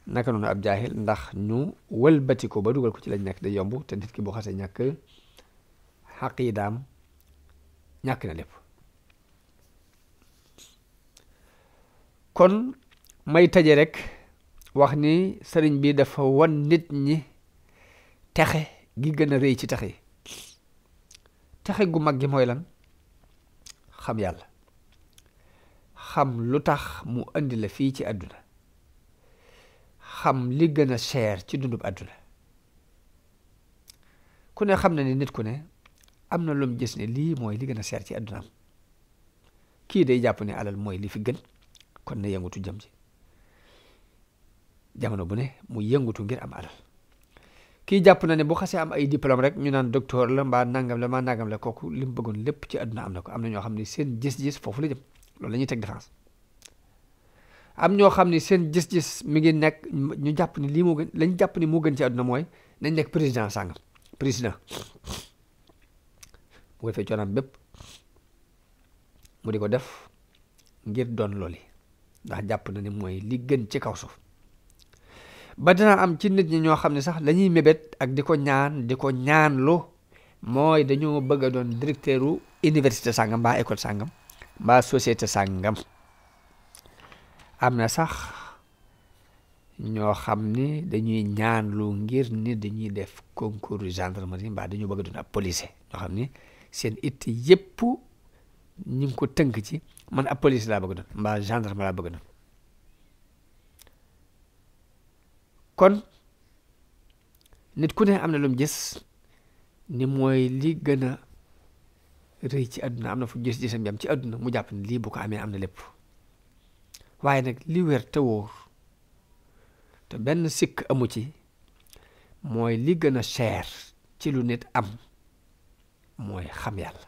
naka noonu ab jaahil ndax ñu wëlbati ko ba dugal ko ci lañ nekk day yomb te nit ki bu xasee ñàkk xaqiidaam ñàkk na lépp kon may tëje rek wax ni sëriñ bi dafa wan nit ñi texe gi gën a rëy ci texe texe gu mag gi mooy lan xam yàlla xam lu tax mu indi la fii ci àdduna xam li gën a cher ci dundub àdduna ku ne xam na ni nit ku ne am na lum gis ne lii mooy li gën a cher ci àddunaam kii day jàpp ni alal mooy li fi gën kon na yëngutu jëm ci jamono bu ne mu yëngutu ngir am alal kii jàpp na ne bu xasee am ay diplôme rek ñu naan docteur la mbaa nangam la mbaa nangam la kooku li bëggoon lépp ci àdduna am na ko am na ñoo xam ne seen gis-gis foofu la jëm loolu la ñuy teg défense ñoo xam ne seen gis-gis mi ngi nekk ñu jàpp ni lii moo gën lañ jàpp ni moo gën ci àdduna mooy nañ nekk président sàngam président bu ko mu di ko def ngir doon looli ndax jàpp na ne mooy li gën ci kaw suuf ba dina am ci nit ñi ñoo xam ne sax la ñuy mébét ak di ko ñaan di ko ñaanlu mooy dañoo bëgg a doon directeuru université sàngam mbaa école sàngam mbaa société sàngam am na sax ñoo xam ni dañuy lu ngir ni dañuy def concours gendarmerie mbaa dañoo bëgg a doon ab policier ñoo xam ni seen it yépp ñu ngi ko tënk ci man ab police la bëgg doon mbaa ma laa bëgg doon kon nit ku ne am na lum jës ni mooy li gën a rëy ci àdduna am na fu jës gisam jam ci àdduna mu jàpp ne lii bu ko amee am na lépp waaye nag li wér te wóor benn sikk amu ci mooy li gën a cher ci lu nit am mooy xam yàlla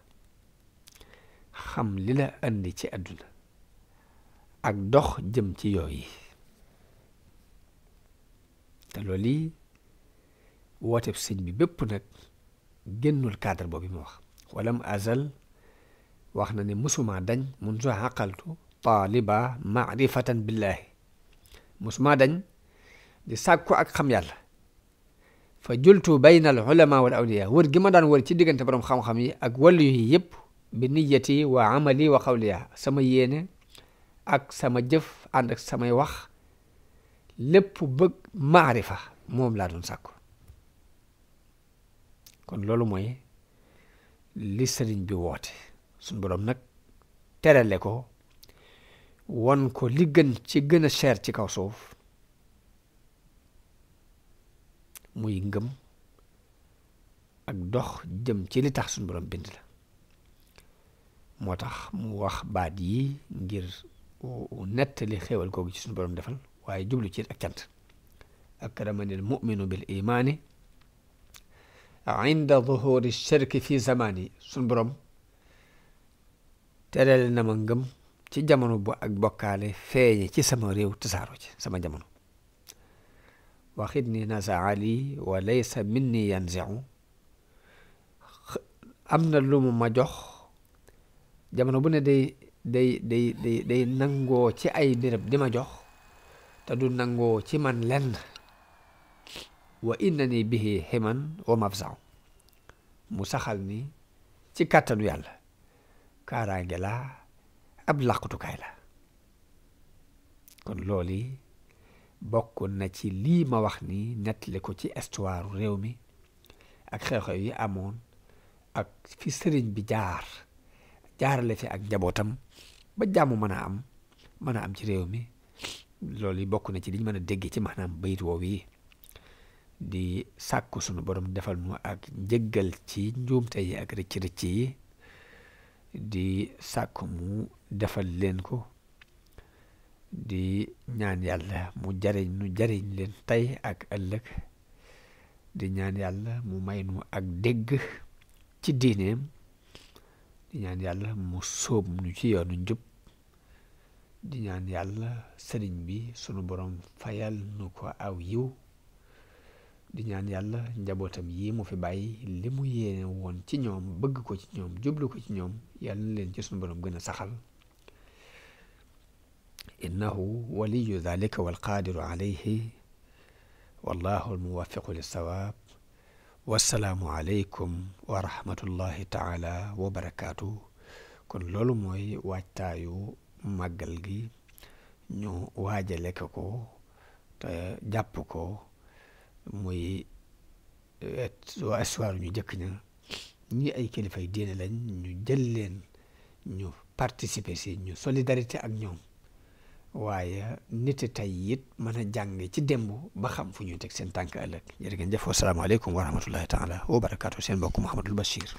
xam li la indi ci àdduna ak dox jëm ci yooyu te loolu yi wooteeb bi bépp nag génnul cadre boobu ma wax walam azal wax na ne musuma dañ mun soo xaqaltu taaliba maarifatan billaahi musuma dañ di sàkku ak xam yàlla fa jultu bayna al ulama wal awliya wër gi ma daan wër ci diggante borom xam-xam yi ak wàllu yi yëpp bi niyati wa amali wa xawliya sama yéene ak sama jëf ànd ak samay wax lépp bëgg maarifa moom laa doon sàkku kon loolu mooy li sëriñ bi woote suñ boroom nag terale ko won ko li gën ci gën a cher ci kaw suuf muy ngëm ak dox jëm ci li tax suñ boroom bind la moo tax mu wax baat yi ngir nettali xéewal koogu ci suñ boroom defal waaye jublu ci ak cant akramanil muminu bil imaani inda zuhuri shirki fi zamani suñ borom tereel na ma ngëm ci jamono bu ak bokkaale feeñe ci sama réew tasaaro ci sama jamono waxit ni nasaa lii wa laysa minni yanziu am na lu mu ma jox jamono bu ne day day day day day nangoo ci ay béréb di ma jox te du nangoo ci man lenn wa inna ni bihi himan wa mafsaw mu saxal ni ci kàttanu yàlla kaaraange la ab làqutukaay la kon loolu bokk na ci lii ma wax nii nettali ko ci histoire réew mi ak xew-xew yi amoon ak fi sëriñ bi jaar jaarale fi ak njabootam ba jàmm mën a am mën a am ci réew mi loolu yi bokk na ci liñ mën a dégg ci maanaam bayit woowu yi di sàkku sunu borom defal nu ak njëggal ci njuumte yi ak rëcc ci di sàkku mu defal leen ko di ñaan yàlla mu jariñ nu jariñ leen tey ak ëllëg di ñaan yàlla mu may nu ak dégg ci diineem di ñaan yàlla mu sóob nu ci yoonu njub di ñaan yàlla sëriñ bi sunu borom fayal nu ko aw yiw di ñaan yàlla njabootam yi mu fi bàyyi li mu yéene woon ci ñoom bëgg ko ci ñoom jublu ko ci ñoom yàlla na leen ci sunu borom gën a saxal innahu waliyu dalika walqaadiru alayhi wallahu almuwafiqu lissawaab wassalaamu aleykum wa rahmatullahi taala wa barakaatu kon loolu mooy waajtaayu màggal gi ñu waajale lekk ko te jàpp ko muy eh, waa histoire ñu jëkk ña ñi ay kilifay diine lañ ñu jël leen ñu participer si ñu solidarité ak ñoom waaye nit tey it mën a jàng ci démb ba xam fu ñuy teg seen tànk ëllëg jërë ngeen jëf wasalaamaaleykum wa rahmatullahi taala wa barakaatu seen mbokk Mouhamadul Bachir